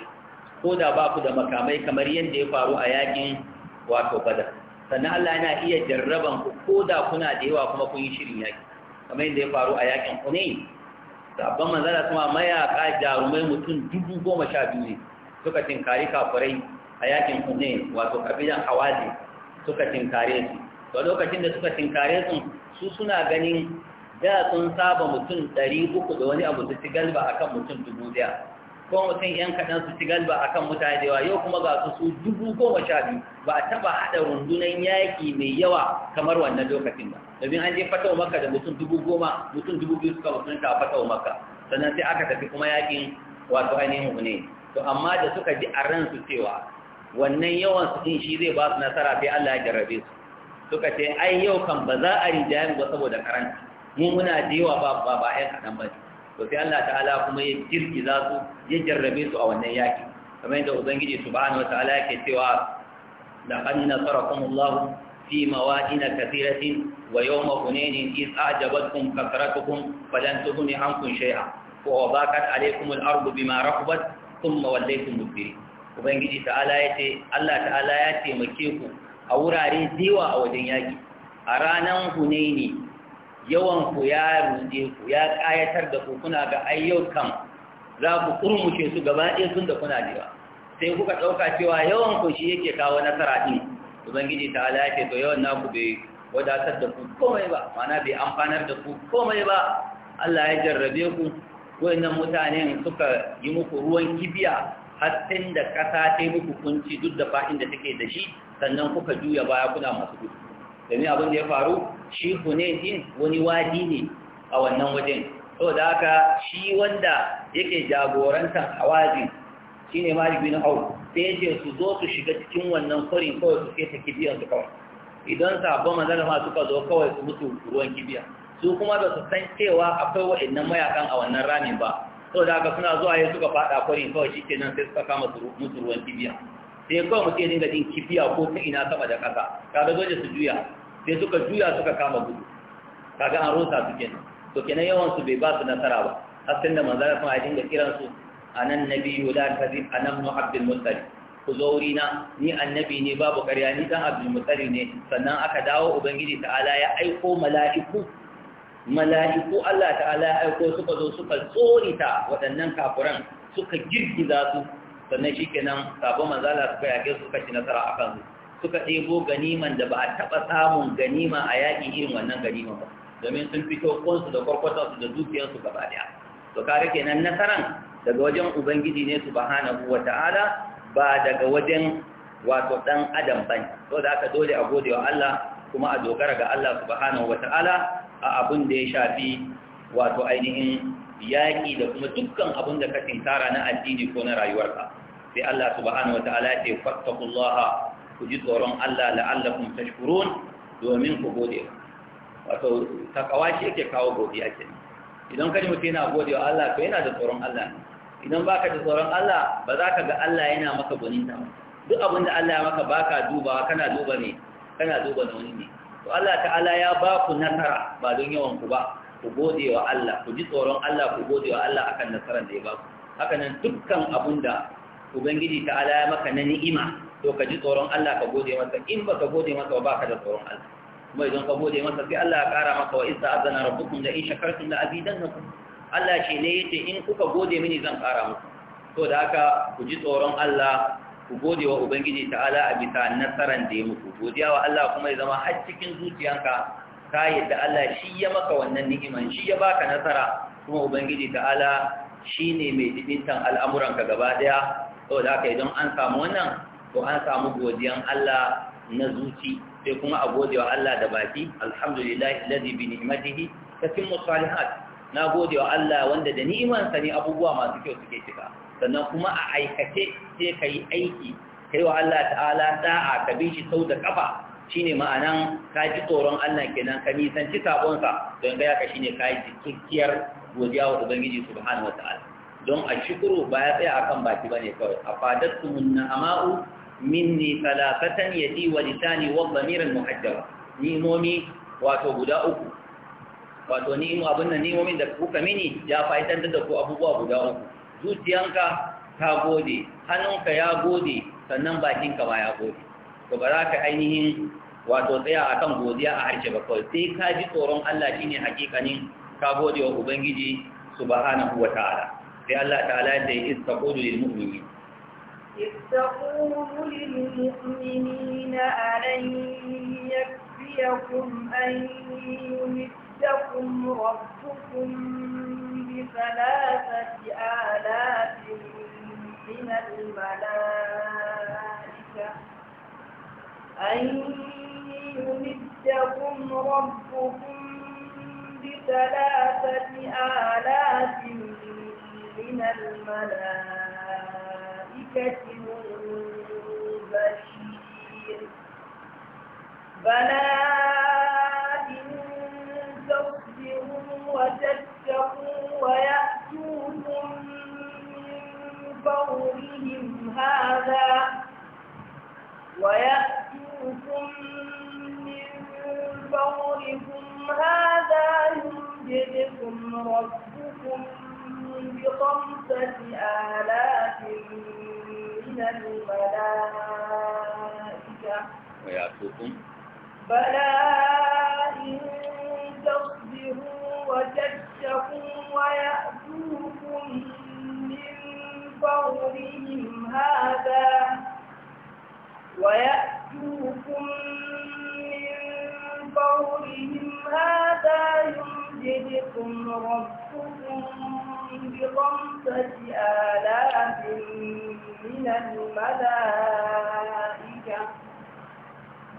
ko da ba ku da makamai kamar yadda ya faru a yakin wato badar sannan Allah yana iya jarraban ku ko da kuna da yawa kuma kun yi shirin yaki kamar yadda ya faru a yakin Hunain sabban Manzara kuma mayaka jarumai mutum dubu goma sha biyu ne suka tinkari kafirai a yakin kune wato kabilan Hawazi suka tinkare su to lokacin da suka tinkare su su suna ganin da sun saba mutum ɗari uku da wani abu da ci galba akan mutum dubu daya ko mutum yan kaɗan su ci galba a kan mutane da yawa yau kuma ga su su dubu goma sha biyu ba a taɓa haɗa rundunar yaƙi mai yawa kamar wannan lokacin ba domin an je fatawa maka da mutum dubu goma mutum dubu biyu suka mutum ta fatawa maka sannan sai aka tafi kuma yaƙin wato ainihin ne to amma da suka ji a su cewa wannan yawan su ɗin shi zai ba su nasara sai Allah ya jarrabe su suka ce ai yau kan ba za a rinjaye mu ba saboda karanta mu muna da yawa ba ba ba ƴan kaɗan ba ne to sai Allah ta'ala kuma ya za su ya jarrabe su a wannan yaki kamar yadda ubangiji subhanahu wataala yake cewa laqad nasarakum Allah fi mawadin kathiratin wa yawma hunain iz a'jabatkum kathratukum falan tughni ankum shay'a wa dhaqat alaykum al-ardu bima rahabat thumma wallaytum mudbirin ubangiji ta'ala yace Allah ta'ala ya taimake ku a wurare diwa a wajen yaki a ranan hunaini yawan ku ya ruɗe ku ya ƙayatar da ku kuna ga ayyukan za ku ƙurmushe su gaba ɗaya sun da kuna jewa sai kuka ɗauka cewa yawan ku shi yake kawo nasara ɗin ubangiji ta ala ce to yawan naku bai wadatar da ku komai ba mana bai amfanar da ku komai ba Allah ya jarrabe ku wayannan mutanen suka yi muku ruwan kibiya sai da ƙasa ta yi muku kunci duk da fa'in da take da shi sannan kuka juya baya kuna masu gudu domin abin da ya faru shi hunain din wani wadi ne a wannan wajen saboda haka shi wanda yake jagorantar hawazin shine malik bin hau sai yake su zo su shiga cikin wannan kwarin kawai su keta kibiyar su kawai idan sabon manzana ma suka zo kawai su mutu ruwan kibiya su kuma da su san cewa akwai wa'annan mayakan a wannan ramin ba sau da haka suna zuwa ya suka fada kwarin kawai shi kenan sai suka kama mutu ruwan kibiya sai kawai mutum ya dinga jin kibiya ko ta ina sama da ƙasa kaga dole su juya sai suka juya suka kama gudu kaga an rusa su kenan to kenan yawan su bai ba su nasara ba har sai da manzo Allah kiransu. dinga kiran su anan nabiyyu la kadhib anan muhabbil muttalib ku zo ni annabi ne babu ƙarya ni dan abdul muttalib ne sannan aka dawo ubangiji ta'ala ya aiko mala'iku mala'iku Allah ta'ala ya aiko suka zo suka tsorita waɗannan kafuran suka girgiza su sannan shikenan sabon manzala suka yage suka ci nasara akan su suka ɗebo ganiman da ba a taɓa samun ganima a yaƙi irin wannan ganima ba domin sun fito kunsu da kwarkwatarsu da dukiyarsu gaba ɗaya to rike nan nasaran daga wajen ubangiji ne su bahana wa ta'ala ba daga wajen wato ɗan adam ba ne to da aka dole a gode wa Allah kuma a dogara ga Allah bahana wa ta'ala a abin da ya shafi wato ainihin yaƙi da kuma dukkan abin da ka tinkara na addini ko na rayuwarka sai Allah bahana wa ta'ala ya ce fattakullaha ku ji tsoron Allah la'allakum tashkurun domin ku gode wato takawa shi yake kawo godiya kenan idan kaji mutum yana gode wa Allah to yana da tsoron Allah ne. idan baka da tsoron Allah ba za ka ga Allah yana maka gwaninta ba duk abin da Allah ya maka baka dubawa kana duba ne kana duba da wani ne to Allah ta'ala ya ba ku nasara ba don yawan ku ba ku gode wa Allah ku ji tsoron Allah ku gode wa Allah akan nasarar da ya ba ku haka nan dukkan abin da ubangiji ta'ala ya maka na ni'ima to ka ji tsoron Allah ka gode masa in baka gode masa ba ka da tsoron Allah kuma idan ka gode masa sai Allah ya kara maka wa isa azana rabbukum da in shakartum la azidannakum Allah ce ne yace in kuka gode mini zan kara muku to da haka ku ji tsoron Allah ku gode wa ubangiji ta'ala a bisa nasaran da ya muku godiya wa Allah kuma ya zama har cikin zuciyanka ka yadda Allah shi ya maka wannan ni'iman shi ya baka nasara kuma ubangiji ta'ala shine mai dibintan al'amuranka gaba daya saboda haka idan an samu wannan to an samu godiyan Allah na zuci sai kuma a gode wa Allah da baki alhamdulillahi alladhi bi ni'matihi tatimmu salihat na gode wa Allah wanda da ni'imansa ne abubuwa masu kyau suke cika sannan kuma a aikace sai ka yi aiki kai wa Allah ta'ala da'a ka bi shi sau da kafa shine ma'anan ka ji tsoron Allah kenan ka nisanci sabonsa don gaya ka shine ka yi godiya wa Ubangiji subhanahu wa ta'ala don a shukuru ba ya tsaya akan baki bane kawai a fadatumun na'ama'u minni talafatan yadi wa lisani wa dhamiran muhajjara ni'imomi wato guda uku wato ni'imu abin nan da kuka mini ya fa'idan da ku abubuwa guda uku zuciyanka ta gode hannunka ya gode sannan bakinka ma ya gode to ba za ka ainihin wato tsaya akan godiya a harshe ba kawai sai ka ji tsoron Allah shine hakikanin ka gode wa ubangiji subhanahu wa ta'ala sai Allah ta'ala ya ce istaqulu lil mu'minin تقول للمؤمنين ألن يكفيكم أن يمدكم ربكم بثلاثة آلاف من الملائكة أن يمدكم ربكم بثلاثة آلاف من الملائكة بشيء بشير بلى إن تصبروا وتتقوا ويأتوكم من فورهم هذا ويأتوكم من فورهم هذا يمددكم ربكم بخمسة آلاف الملائكة ويعفوكم بلى إن تصبروا وتتقوا ويأتوكم من فورهم هذا ويأتوكم من فورهم هذا يمددكم ربكم بخمسة آلاف من الملائكة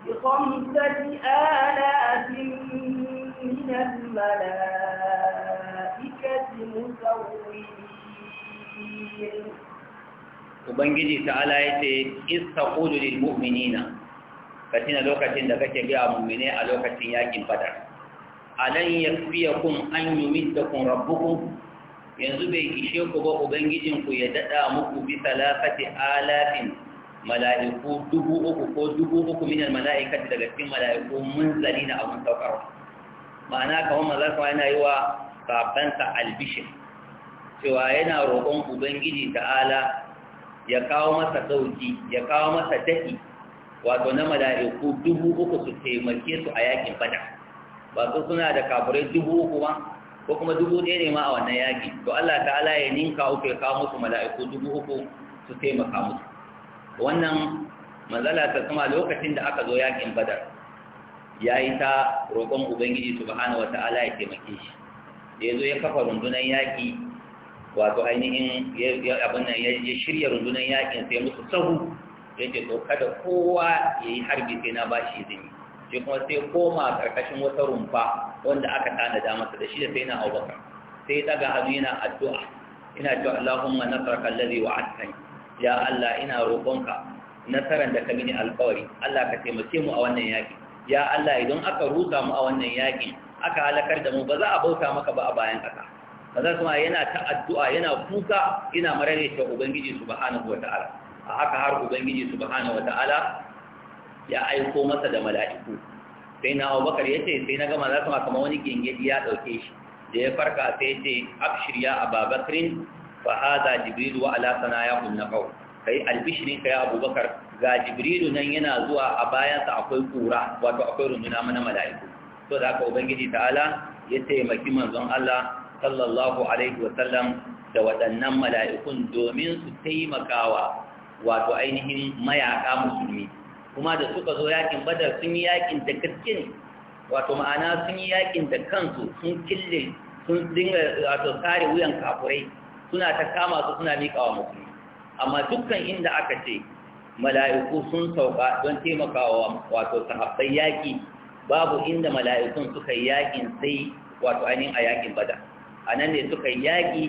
بخمسة آلاف من الملائكة مسومين Ubangiji ta'ala ya ce, Ista ƙudu lil mu'minina, ka tina lokacin da kake biya mummine a lokacin yakin fadar. Alan ya fiye kun an yi rabbukum yanzu bai ishe ku ba ubangijinku ya daɗa muku bi talafati alafin mala'iku dubu uku ko dubu uku minan mala'ikati daga cikin mala'iku mun zari na abin saukarwa ma'ana kamar maza kuma yana yi wa sabansa albishin cewa yana roƙon ubangiji ta'ala ya kawo masa ɗauki ya kawo masa daɗi wato na mala'iku dubu uku su taimake su a yakin bada ba su suna da kaburai dubu uku ba ko kuma dubu ɗaya ne ma a wannan yaƙi to Allah ta'ala ya ninka uku ya kawo musu mala'iku dubu uku su taimaka musu wannan manzala ta sama lokacin da aka zo yaƙin badar ya yi ta roƙon ubangiji subhanahu wata'ala ya taimake shi ya zo ya kafa rundunar yaƙi wato ainihin abin nan ya shirya rundunar yaƙin sai musu sahu ya ce to kada kowa ya yi harbi sai na bashi izini shi kuma sai koma ƙarƙashin wata rumfa wanda aka tanada masa da shi da sai na abubakar sai daga hannu yana addu'a ina cewa Allahumma nasaraka allazi wa'adtani ya Allah ina roƙonka nasaran da ka mini alƙawari Allah ka taimake mu a wannan yaki ya Allah idan aka rusa mu a wannan yaki aka halakar da mu ba za a bauta maka ba a bayan ƙasa maza kuma yana ta addu'a yana kuka ina marare ta ubangiji subhanahu wata'ala a haka har ubangiji subhanahu wata'ala ya aiko masa da mala'iku sai na abubakar ya ce sai na gama za su wani gingidi ya ɗauke shi da ya farka sai ce a ya ababakirin fa haza jibrilu wa alasana ya kunna kawo yi albishirin ka ya abubakar ga jibrilu nan yana zuwa a bayansa akwai kura wato akwai runduna mana mala'iku to da haka ubangiji ta'ala ya taimaki manzon Allah sallallahu alaihi wa sallam da waɗannan mala'ikun domin su taimakawa wato ainihin mayaka musulmi kuma da suka zo yakin badar sun yi yakin da gaske wato ma'ana sun yi yakin da kansu sun kille sun dinga wato tsari wuyan kafurai suna ta kama su suna miƙa wa musulmi amma dukkan inda aka ce mala'iku sun sauka don taimakawa wato sahabbai yaƙi babu inda mala'ikun suka yi yaƙin sai wato ainihin a yaƙin bada a nan ne suka yi yaƙi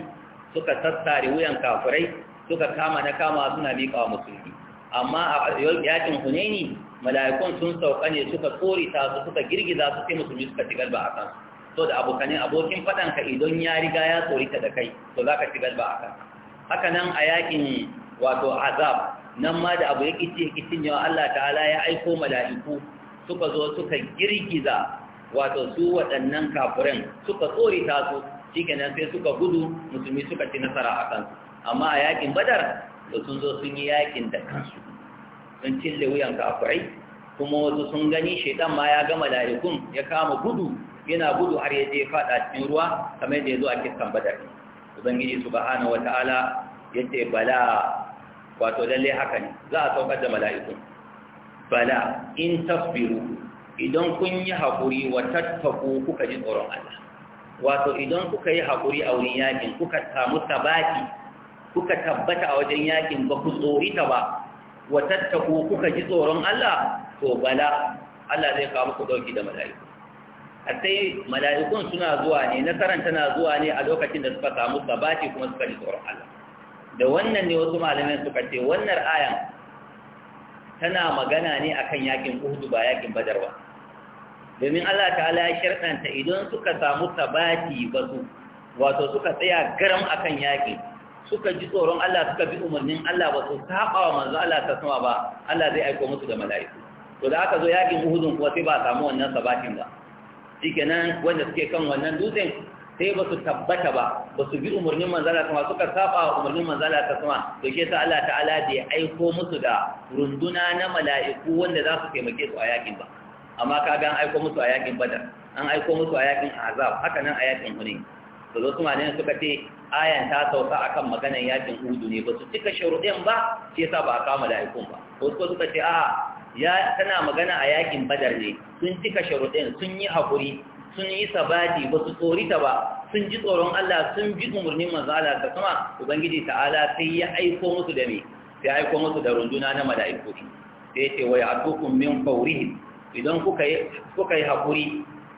suka sassare wuyan kafurai suka kama na kama suna miƙa wa musulmi amma a yakin hunaini mala'ikun sun sauka ne suka ta su suka girgiza su sai musulmi suka ci galba a kan so da abokanin abokin faɗanka idan ya riga ya tsorita da kai to za ka ci galba a kan haka nan a yakin wato azab nan ma da abu ya kici kicin yawa Allah ta'ala ya aiko mala'iku suka zo suka girgiza wato su waɗannan kafiran suka tsorita su shikenan sai suka gudu musulmi suka ci nasara a kansu amma a yakin badar da sun zo sun yi yakin da kansu sun cille wuyan kafirai kuma wasu sun gani shaidan ma ya gama larikun ya kama gudu yana gudu har ya je fada cikin ruwa kamar yadda ya zo a kiskan badar ubangiji ta'ala ya ce bala wato lalle haka ne za a saukar da mala'ikun bala in tasbiru idan kun yi haƙuri wa tattaku kuka ji tsoron Allah wato idan kuka yi haƙuri a wurin yakin kuka samu sabaki? kuka tabbata a wajen yakin ba ku tsori ta ba wa tattaku kuka ji tsoron Allah to bala Allah zai kawo ku dauki da mala'iku sai mala'ikun suna zuwa ne nasaran tana zuwa ne a lokacin da suka samu sabati kuma suka ji tsoron Allah da wannan ne wasu malamai suka ce wannan ayan tana magana ne akan yakin Uhud ba yakin Badar ba domin Allah ta'ala ya sharɗanta idan suka samu sabati ba su wato suka tsaya garam akan yakin suka ji tsoron Allah suka bi umarnin Allah ba su saba wa manzo Allah ta sama ba Allah zai aiko musu da mala'iku to da aka zo yakin Uhudun kuwa sai ba samu wannan sabatin ba shikenan wanda suke kan wannan dutsen sai ba su tabbata ba ba su bi umarnin manzo Allah sama suka saba wa umarnin manzo Allah ta sama to ke sa Allah ta'ala da ya aiko musu da runduna na mala'iku wanda za su taimake su a yakin ba amma kaga an aiko musu a yakin Badar an aiko musu a yakin Azab haka nan a yakin Hunayn da zo suka ce ayan ta sauka akan maganan yakin hudu ne ba su cika sharuɗin ba shi sa ba a kama da aikun ba wasu ko suka ce a ya tana magana a yakin badar ne sun cika sharuɗin sun yi haƙuri sun yi sabati ba su ta ba sun ji tsoron Allah sun bi umarnin manzo Allah ta kuma ubangiji ta'ala sai ya aiko musu da me sai aiko musu da runduna na mala'iku sai ce wa ya'tukum min fawrihim idan kuka yi kuka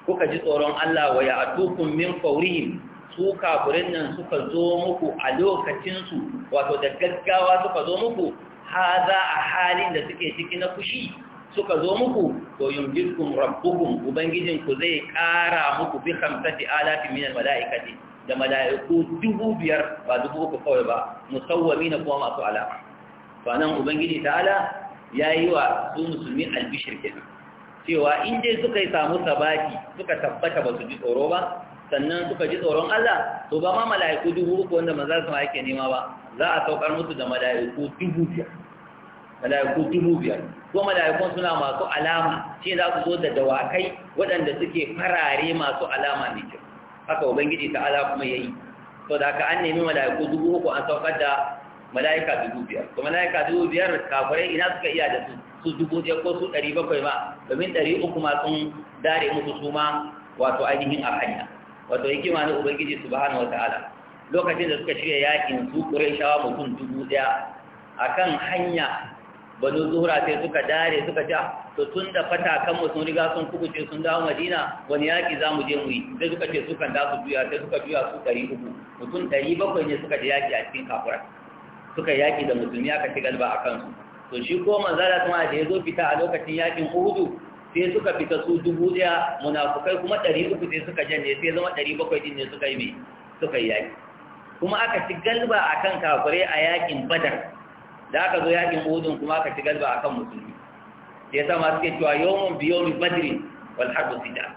kuka ji tsoron Allah wa ya'tukum min fawrihim su kafirin nan suka zo muku a lokacinsu wato da gaggawa suka zo muku haza a halin da suke ciki na fushi suka zo muku to yumjidkum rabbukum ubangijinku zai ƙara muku bi khamsati alafi min almalaikati da malaiku dubu biyar ba dubu uku kawai ba musawwami na kuma masu alama to nan ubangiji ala ya yi wa su musulmi albishir kenan cewa in dai suka yi samu sabati suka tabbata ba su ji tsoro ba sannan suka ji tsoron Allah to ba ma mala'iku dubu uku wanda maza su ake nema ba za a saukar musu da mala'iku dubu biyar mala'iku dubu biyar ko mala'ikun suna masu alama shi za su zo da dawakai waɗanda suke farare masu alama ne kyau haka ubangiji ta ala kuma yayi to da ka an nemi mala'iku dubu uku an saukar da mala'ika dubu biyar to mala'ika dubu biyar kafirai ina suka iya da su su dubu biyar ko su ɗari bakwai ba domin ɗari uku ma sun dare musu su ma wato ainihin a hanya wato hikima na ubangiji subhanahu wataala lokacin da suka shirya yakin su shawa mutum dubu daya akan hanya banu zuhra sai suka dare suka ja ah, to tun da fata kan mu sun riga sun kubuce sun dawo madina wani yaki za mu je mu yi sai suka ce sukan da su juya sai suka juya su ɗari uku mutum ɗari bakwai ne suka je yaki a cikin kafura suka yaki da musulmi aka ci galba a kansu to shi ko manzala kuma da ya zo fita a lokacin yakin uhudu sai suka fita su dubu ɗaya munafukai kuma ɗari uku sai suka janye sai zama ɗari bakwai ɗin ne suka yi mai suka yi yaƙi kuma aka ci galba a kan kafure a yaƙin badar da aka zo yaƙin hudun kuma aka ci galba a kan musulmi ya sa masu ke cewa yawon biyomi badri wal harbu sida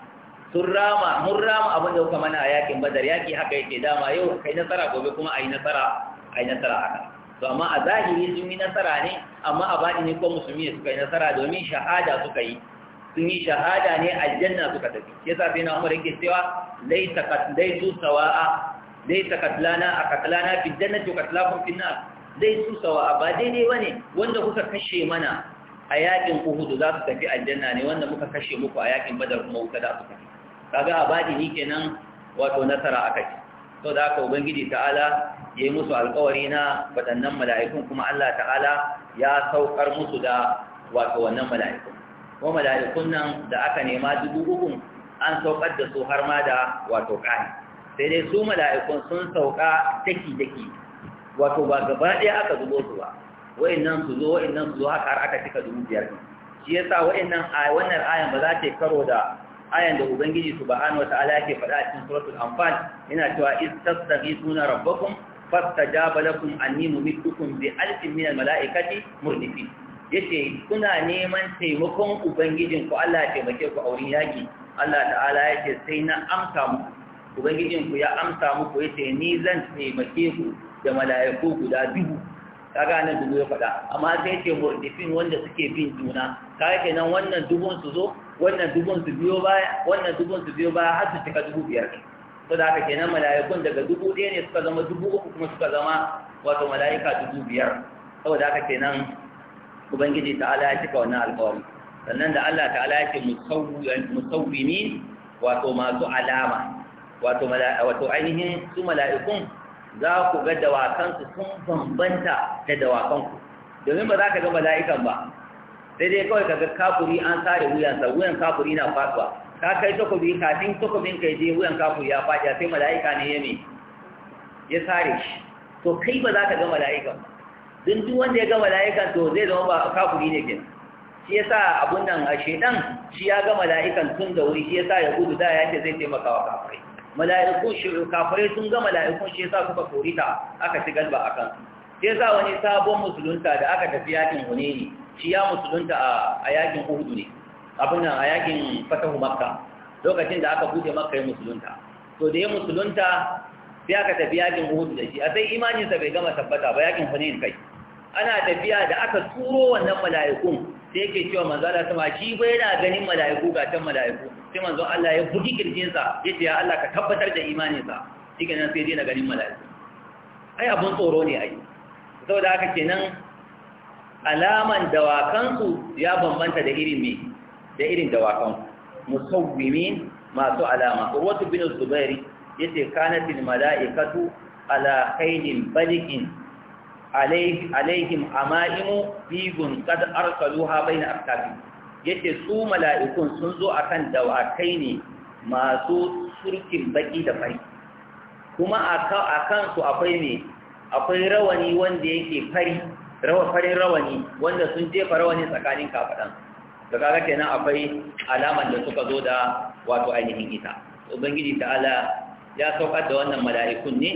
sun rama mun rama abin da kuka mana a yaƙin badar yaƙi haka yake dama yau kai nasara gobe kuma a yi nasara a yi nasara haka to amma a zahiri sun yi nasara ne amma a baɗi ne ko musulmi ne suka yi nasara domin shahada suka yi sun yi shahada ne aljanna suka tafi Ya sai na umar yake cewa laita a sawa'a laita katlana akatlana fi jannati wa katlakum fi nar laitu sawa'a ba daidai bane wanda kuka kashe mana a yakin Uhud za su tafi aljanna ne wanda muka kashe muku a yakin Badar kuma wuta za su tafi kaga ba ni kenan wato nasara aka ci to da haka ubangiji ta'ala ya yi musu alƙawari na waɗannan mala'ikun kuma Allah ta'ala ya saukar musu da wato wannan mala'ikun ko mala'ikun nan da aka nema dubu ukun an saukar da su har ma da wato ƙari sai dai su mala'ikun sun sauka daki-daki wato ba gaba ɗaya aka zubo su ba wa'innan su zo wa'innan su zo haka har aka cika dubu biyar shi ya sa wa'innan wannan ayan ba za ta karo da ayan da ubangiji subhanahu wata'ala yake faɗa a cikin suratul anfal yana cewa istastaghithuna rabbakum fastajaba lakum anni mumiddukum bi alfin min mala'ikati, murdifin yace kuna neman taimakon ubangijin ku Allah ya taimake ku a wurin yaki Allah ta'ala yace sai na amsa muku ubangijin ku ya amsa muku yace ni zan taimake ku da mala'iku guda biyu kaga nan dubu ya faɗa amma sai yace murdifin wanda suke bin juna kaga kenan wannan dubun su zo wannan dubun su biyo baya wannan dubun su biyo baya har su cika dubu biyar to da haka kenan mala'ikun daga dubu ɗaya ne suka zama dubu uku kuma suka zama wato mala'ika dubu biyar saboda haka kenan ubangiji ta ala ya cika wannan alƙawari sannan da Allah ta ala ya ce ni, wato masu alama wato ainihin su mala'ikun za ku ga dawakansu sun bambanta da dawakanku domin ba za ka ga mala'ikan ba sai dai kawai ka ga kafuri an sare wuyansa wuyan kafuri na faduwa ka kai takobi kafin takobin kai je wuyan kafuri ya faɗi sai mala'ika ne ya me ya sare shi to kai ba za ka ga mala'ikan. ba din duk wanda ya ga mala'ikan to zai zama ba kafuri ne kenan shi yasa abun nan a shedan shi ya ga mala'ikan tun da wuri shi yasa ya gudu da ce zai taimaka wa kafirai mala'ikun shi kafirai sun ga mala'ikun shi yasa suka ta aka ci galba kan. shi yasa wani sabon musulunta da aka tafi yakin hunayni shi ya musulunta a yakin uhud ne abun nan a yakin fatahu makka lokacin da aka bude makka ya musulunta to da ya musulunta sai aka tafi yakin uhud da shi a sai imaninsa bai gama tabbata ba yakin hunayn kai ana tafiya da aka turo wannan mala'iku sai yake cewa manzo Allah sama shi bai yana ganin mala'iku ga tan mala'iku sai manzo Allah ya bugi kirjin sa ce ya Allah ka tabbatar da imanin sa shike nan sai dai na ganin mala'iku ai abun tsoro ne ai saboda haka kenan alaman dawakan ya bambanta da irin me da irin dawakan musawwimin masu alama urwatu bin zubairi yace kanatil mala'ikatu ala khailin balikin alaihim ama'imu bigun kad arsaluha baina aktabi yace su mala'ikun sun zo akan dawakai ne masu surkin baki da fari kuma a kansu akwai ne akwai rawani wanda yake fari rawa farin rawani wanda sun jefa rawani tsakanin kafadan da kaga kenan akwai alaman da suka zo da wato ainihin ita ubangiji ta'ala ya saukar da wannan mala'ikun ne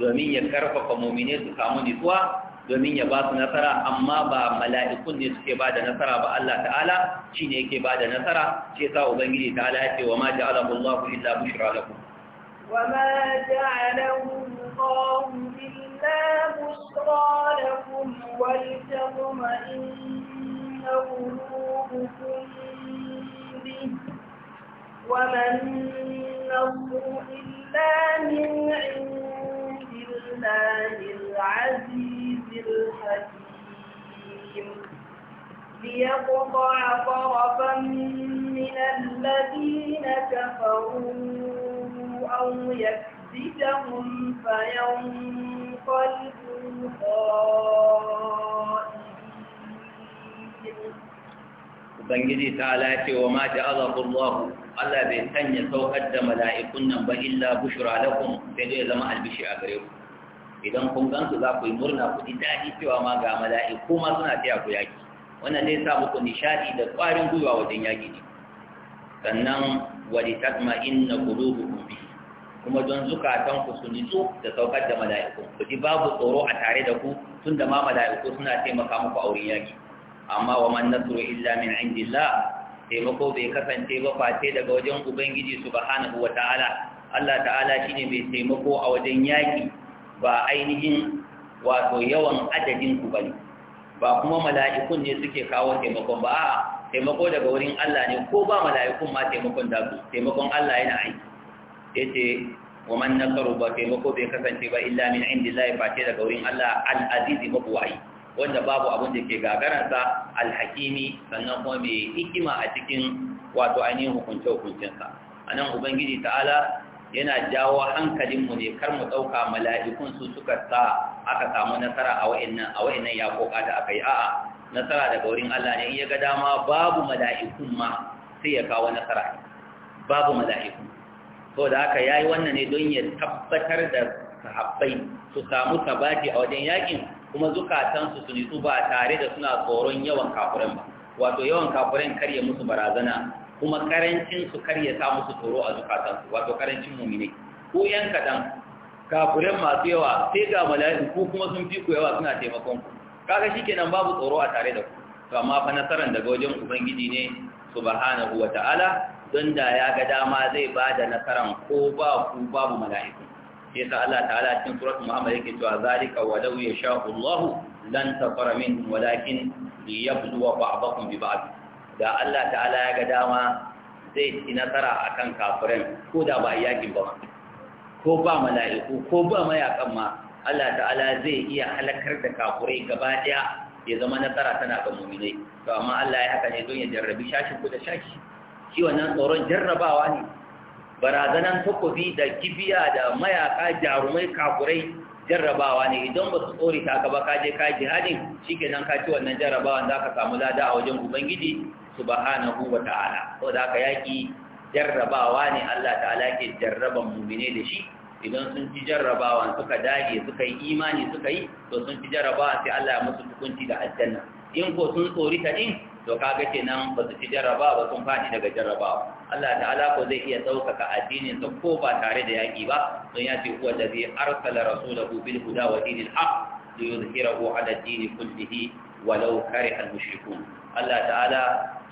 domin ya karfafa mumine su kamu nutsuwa domin ya ba su nasara amma ba mala'ikun ne suke ba da nasara ba Allah ta'ala shi ne yake ba da nasara ce sa Ubangiji ta'ala ya ce wa ma ja'ala Allah illa bushra lakum wa ma ja'ala Allah illa bushra lakum wal tatma'inna qulubukum bih wa man nasru illa min 'inda الله العزيز الحكيم ليقطع طرفا من الذين كفروا أو يكسدهم فينقلبوا خائبين Ubangiji ta lafi wa ma ta azabullahu Allah bai sanya saukar da mala'ikun nan ba illa bushra lakum sai dai zama albishi a gare ku idan kun gansu za ku yi murna ku ji daɗi cewa ma ga mala'iku ma suna taya ku yaƙi wannan zai sa muku nishaɗi da ƙwarin gwiwa wajen yaƙi ne sannan wani takma inna qulubukum bi kuma don zukatan ku su nitsu da saukar da mala'iku ku ji babu tsoro a tare da ku tunda ma mala'iku suna taimaka muku a wurin yaƙi amma wa man nasru illa min indillah taimako bai kasance ba face daga wajen ubangiji subhanahu wa ta'ala Allah ta'ala shine mai taimako a wajen yaƙi ba ainihin wato yawan adadin ku bane ba kuma mala'ikun ne suke kawo taimakon ba a'a taimako daga wurin Allah ne ko ba mala'ikun ma taimakon da su taimakon Allah yana aiki yace wa man nasaru ba taimako bai kasance ba illa min indillahi ba ce daga wurin Allah al-aziz mabwai wanda babu abin da ke sa al-hakimi sannan kuma mai hikima a cikin wato ainihin hukunce hukuncinsa anan ubangiji ta'ala yana jawo hankalinmu ne kar mu ɗauka mala'ikun su suka sa aka samu nasara a wa'innan a wa'innan koka da aka yi a'a nasara daga wurin Allah ne in ya ga dama babu mala'ikun ma sai ya kawo nasara babu mala'ikun So da haka yayi wannan ne don ya tabbatar da sahabbai su samu tabati a wajen yakin kuma zukatansu su nitsu ba tare da suna tsoron yawan kafuran ba wato yawan kafuran kar ya musu barazana kuma karancin su kar sa musu tsoro a zukatansu wato karancin mumine ku yan kadan kafuran masu yawa sai ga mala'iku kuma sun fi ku yawa suna taimakon ku kaga shikenan babu tsoro a tare da ku to amma fa nasaran daga wajen ubangiji ne subhanahu ta'ala, don da ya ga dama zai da nasaran ko ba ku babu mala'iku sai sa Allah ta'ala cikin suratul muhammad yake cewa zalika walau yasha'u Allah lan tafara min walakin liyabluwa ba'dakum bi ba'd da Allah ta'ala ya ga dama zai ci nasara a kan kafirin ko da ba yakin ba ko ba mala'iku ko ba mayakan ma Allah ta'ala zai iya halakar da kafirai gaba daya ya zama nasara tana ga mu'minai to amma Allah ya haka ne don ya jarrabi shashi ko da shashi shi wannan tsoron jarrabawa ne barazanan takobi da kibiya da mayaka jarumai kafirai jarrabawa ne idan ba su tsori ta ka ba ka je ka jihadin shikenan ka ci wannan jarrabawan za ka samu lada a wajen ubangiji subhanahu wa ta'ala ko da aka yaki jarrabawa ne Allah ta'ala ke jarraban mu'mine da shi idan sun ci jarrabawan suka dage suka yi imani suka yi to sun ci jarrabawa sai Allah ya musu hukunci da aljanna in ko sun tsori ta din to kaga kenan ba su ci jarrabawa ba sun fadi daga jarrabawa Allah ta'ala ko zai iya daukaka addinin sa ko ba tare da yaki ba don ya ce huwa allazi arsala rasulahu bil huda wa dinil haqq liyuzhirahu ala ad kullihi walau kariha al-mushrikun Allah ta'ala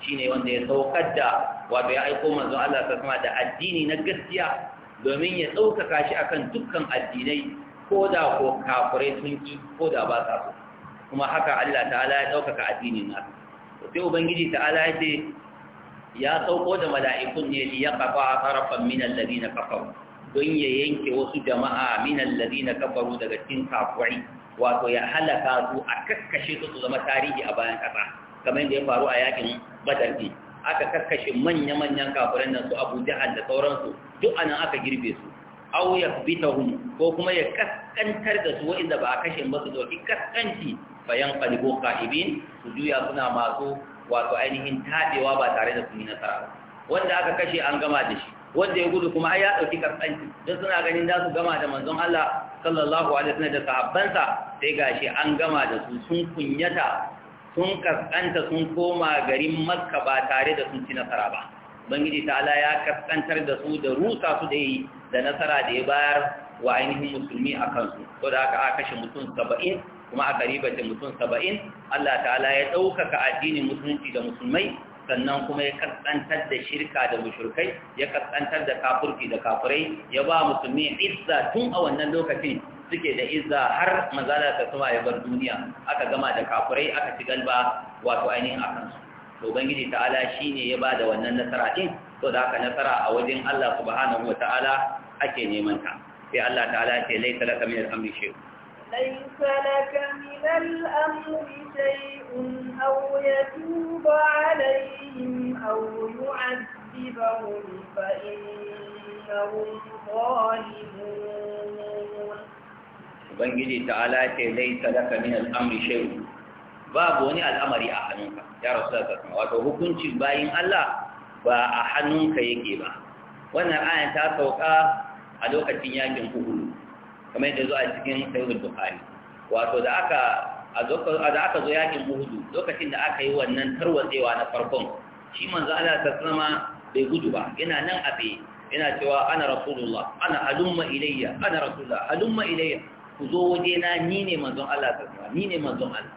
shine wanda ya saukar da wato ya aiko manzon Allah ta sama da addini na gaskiya domin ya ɗaukaka shi akan dukkan addinai ko da ko kafirai sun ki ko da ba kuma haka Allah ta'ala ya ɗaukaka addinin nasa sai ubangiji ta'ala ya ce ya sauko da mala'ikun ne li yaqafa tarafan min alladhina kafaru don ya yanke wasu jama'a min alladhina kafaru daga cikin kafirai wato ya halaka su a kakkashe su su zama tarihi a bayan kasa kamar yadda ya faru a yakin badar ne aka kakkashe manya-manyan kafiran nan su abu jahal da sauransu duk nan aka girbe su bita hun ko kuma ya kaskantar da su wa'inda ba a kashe ba su dauki kaskanci bayan qalibu qa'ibin su juya suna masu wato ainihin taɓewa ba tare da sun yi nasara wanda aka kashe an gama da shi wanda ya gudu kuma ai ya dauki kaskanci don suna ganin za su gama da manzon Allah sallallahu alaihi wasallam da sahabbansa sai gashi an gama da su sun kunyata sun kaskanta sun koma garin makka ba tare da sun ci nasara ba bangiji ta'ala ya kaskantar da su da rusa su da yi da nasara da ya bayar wa ainihin musulmi a kansu ko da aka kashe mutum saba'in kuma aka da mutum saba'in allah ta'ala ya ɗaukaka addinin musulunci da musulmai sannan kuma ya kasantar da shirka da mushrikai ya kasantar da kafurki da kafurai ya ba musulmi izza tun a wannan lokacin suke da izza har mazala ta suma ya bar duniya aka gama da kafurai aka ci galba wato ainihin a kansu to ubangiji ta'ala shi ne ya ba da wannan nasara ɗin to da haka nasara a wajen Allah subhanahu ta'ala ake neman ta sai Allah ta'ala ce laisa laka min al-amri ليس لك من الأمر شيء أو يتوب عليهم أو يعذبهم فإنهم ظالمون Ubangiji ta'ala ce laisa laka min al'amri shayu babu wani al'amari a hannunka ya rasu da wato hukuncin bayin Allah ba a hannunka yake ba wannan ayan ta sauka a lokacin yakin uhud kamar yadda zo a cikin sahihul bukhari wato da aka a da aka zo yakin uhudu lokacin da aka yi wannan tarwatsewa na farkon shi manzo Allah ta sama bai gudu ba yana nan a tsaye yana cewa ana rasulullah ana halumma ilayya ana rasulullah halumma ilayya ku zo waje na ni ne zan Allah ta ni ne zan Allah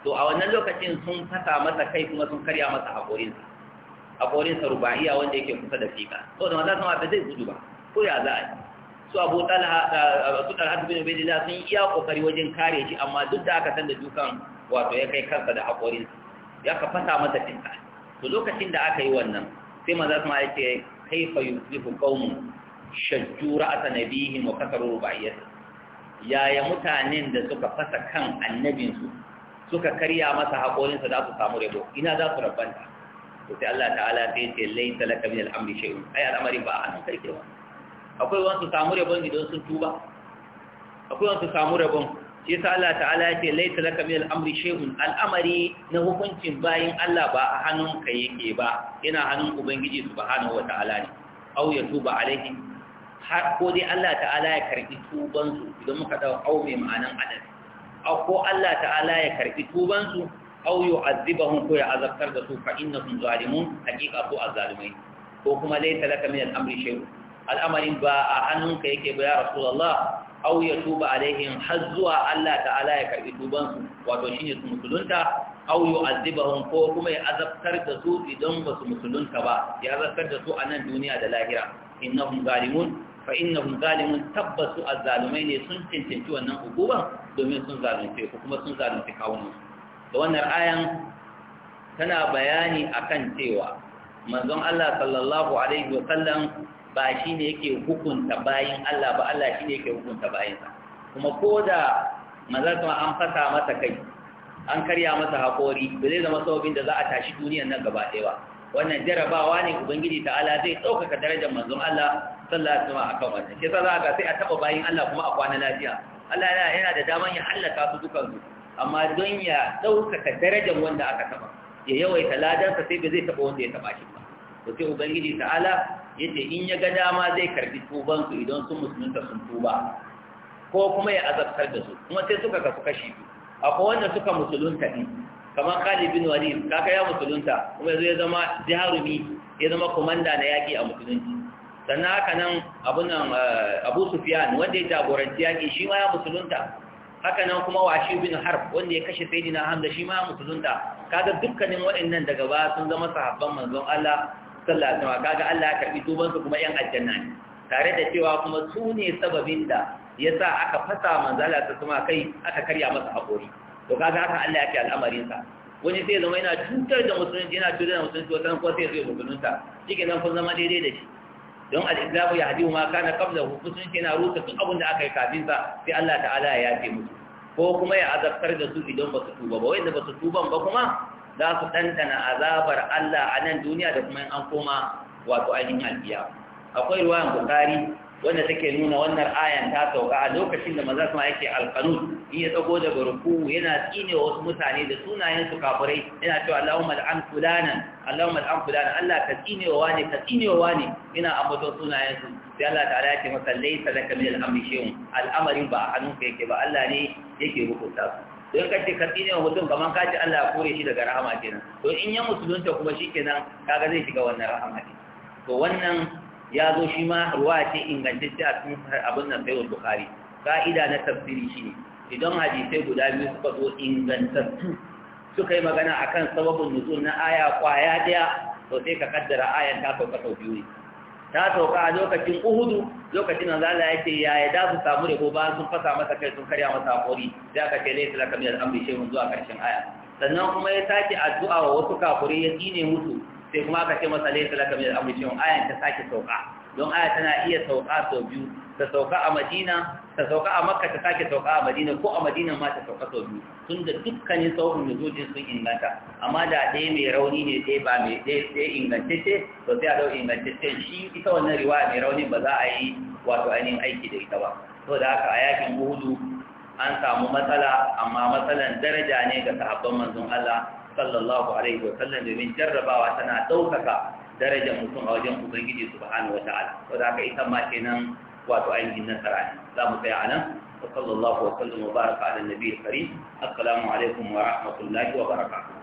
to a wannan lokacin sun fata masa kai kuma sun karya masa hakorinsa sa rubaiya wanda yake kusa da fika to da wannan sama bai zai gudu ba ko ya za a yi su abu talha su talha bin ubaidillah sun iya kokari wajen kare shi amma duk da aka san da dukan wato ya kai kansa da haƙorin ya ka fasa masa tinka to lokacin da aka yi wannan sai manzo kuma ya ce kaifa yusrifu qaumun shajju ra'ata nabihim wa kasaru rubaiyat yaya mutanen da suka fasa kan annabinsu suka karya masa haƙorinsa za su samu rabo ina za su rabanta to sai Allah ta'ala sai ya ce laisa laka min al-amri shay'un ai al'amari ba a hannun kai akwai wansu su samu rabon idan sun tuba akwai wansu su samu rabon shi yasa Allah ta'ala yake laita laka min al'amri shay'un al'amari na hukuncin bayin Allah ba a hannunka yake ba yana hannun ubangiji subhanahu wata'ala ne aw ya tuba alaihi har ko dai Allah ta'ala ya karbi tuban su idan muka dawo au mai ma'anan adad aw ko Allah ta'ala ya karbi tuban su aw yu'azzibahum ko ya azabtar da su fa innahum zalimun hakika ko azzalimai ko kuma laita laka min al'amri shay'un al'amarin ba a hannunka yake ba ya Allah, au ya tuba alaihin har zuwa Allah ta'ala ya karɓi tuban Wato shi ne su musulunta aw yu'adhibahum ko kuma ya azabtar da su idan ba su musulunta ba ya azabtar da su a nan duniya da lahira hun zalimun fa hun zalimun tabbasu azzalumai ne sun cancanci wannan hukuman domin sun zalunce ku kuma sun zalunce kawunan da wannan ayan tana bayani akan cewa manzon Allah sallallahu alaihi wa sallam ba shi ne yake hukunta bayin Allah ba Allah shi ne yake hukunta bayinsa kuma ko da mazarsa an fasa masa kai an karya masa haƙori ba zai zama sababin da za a tashi duniyan nan gaba ɗaya ba wannan jarabawa ne ubangiji ta'ala zai ɗaukaka darajar manzon Allah sallallahu alaihi wasallam akan wannan shi yasa za ka sai a taɓa bayin Allah kuma a kwana lafiya Allah yana da daman ya halaka su dukansu amma don ya ɗaukaka darajar wanda aka taba ya yawaita ladansa sai ba zai taɓa wanda ya taɓa shi ba to sai ubangiji ta'ala yace in ya ga dama zai karbi tuban su idan sun musulunta sun tuba ko kuma ya azabtar da su kuma sai suka kasu kashi akwai wanda suka musulunta ne kamar Khalid bin Walid kaka ya musulunta kuma yanzu ya zama jarumi ya zama komanda na yaki a musulunci sannan haka nan abunan eh, Abu Sufyan wanda ya jagoranci yaki shi ma ya musulunta haka nan kuma washi bin harf wanda ya kashe sayyidina Hamza shi ma ya musulunta kaga dukkanin waɗannan daga ba sun zama sahabban manzon Allah sallallahu alaihi kaga Allah ya karbi tuban su kuma yan aljanna ne tare da cewa kuma su ne sababin da yasa aka fasa manzala ta kuma kai aka karya masa hakuri to kaga haka Allah ya ke al'amarin sa wani sai zama yana cutar da musulunci yana cutar da musulunci wata ko sai zai musulunta shike nan kun zama daidai da shi don al ya hadiyu ma kana qabla musulunci yana rusa duk abin da aka yi kafin sa sai Allah ta'ala ya yafe musu ko kuma ya azabtar da su idan ba su tuba ba wanda ba su tuban ba kuma za su ɗanɗana azabar Allah a nan duniya da kuma an koma wato ainihin albiya akwai ruwan bukari wanda take nuna wannan ayan ta sauka a lokacin da maza kuma yake alqanun in ya tsago daga ruku yana tsine wasu mutane da sunayen su kafirai yana cewa Allahumma al'an fulanan Allahumma al'an fulanan Allah ka tsine wa wani ka tsine wa wani ina ambaton sunayen su sai Allah ta'ala ya ce masa laysa laka min al'amri shay'un al'amarin ba a hannunka yake ba Allah ne yake hukunta su to in kace ka tsine wa mutum kamar ka ji Allah ya kore shi daga rahama kenan to in ya musulunta kuma shikenan kaga zai shiga wannan rahama ce to wannan ya zo shi ma ruwa ce ingantacce a cikin abin nan bukari, bukhari ka'ida na tafsiri ne, idan hadisai guda biyu suka zo ingantattu suka yi magana akan sababin nuzul na aya kwaya daya to sai ka kaddara ayan ta sauka sau biyu ta sauka a lokacin uhudu lokacin nan zala ya ce yaya da su samu rabo ba sun fasa masa kai sun karya masa hakuri da aka ce laisa laka min al'amri shay'un zuwa karshen aya sannan kuma ya sake addu'a wa wasu kafirai ya tsine musu sai kuma aka ce masa laisa laka min al'amri shay'un ayan ta sake sauka don aya tana iya sauka sau biyu ta sauka a madina ta sauka a makka ta sake sauka a madina ko a madina ma ta sauka sau biyu tun da dukkanin sauhun nuzujin sun inganta amma da ɗaya mai rauni ne ɗaya ba mai ɗaya ingantacce to sai a ɗau ingantacce shi ita wannan riwaya mai rauni ba za a yi wato ainihin aiki da ita ba da haka a yakin uhudu an samu matsala amma matsalan daraja ne ga sahabban manzon Allah sallallahu alaihi wa sallam domin jarrabawa tana ɗaukaka darajar mutum a wajen ubangiji subhanahu wa ta'ala da haka ita ma kenan wato ainihin nasara ne za mu tsaya a nan wa sallallahu wa sallam wa baraka ala nabiyil karim assalamu alaikum wa rahmatullahi wa barakatuh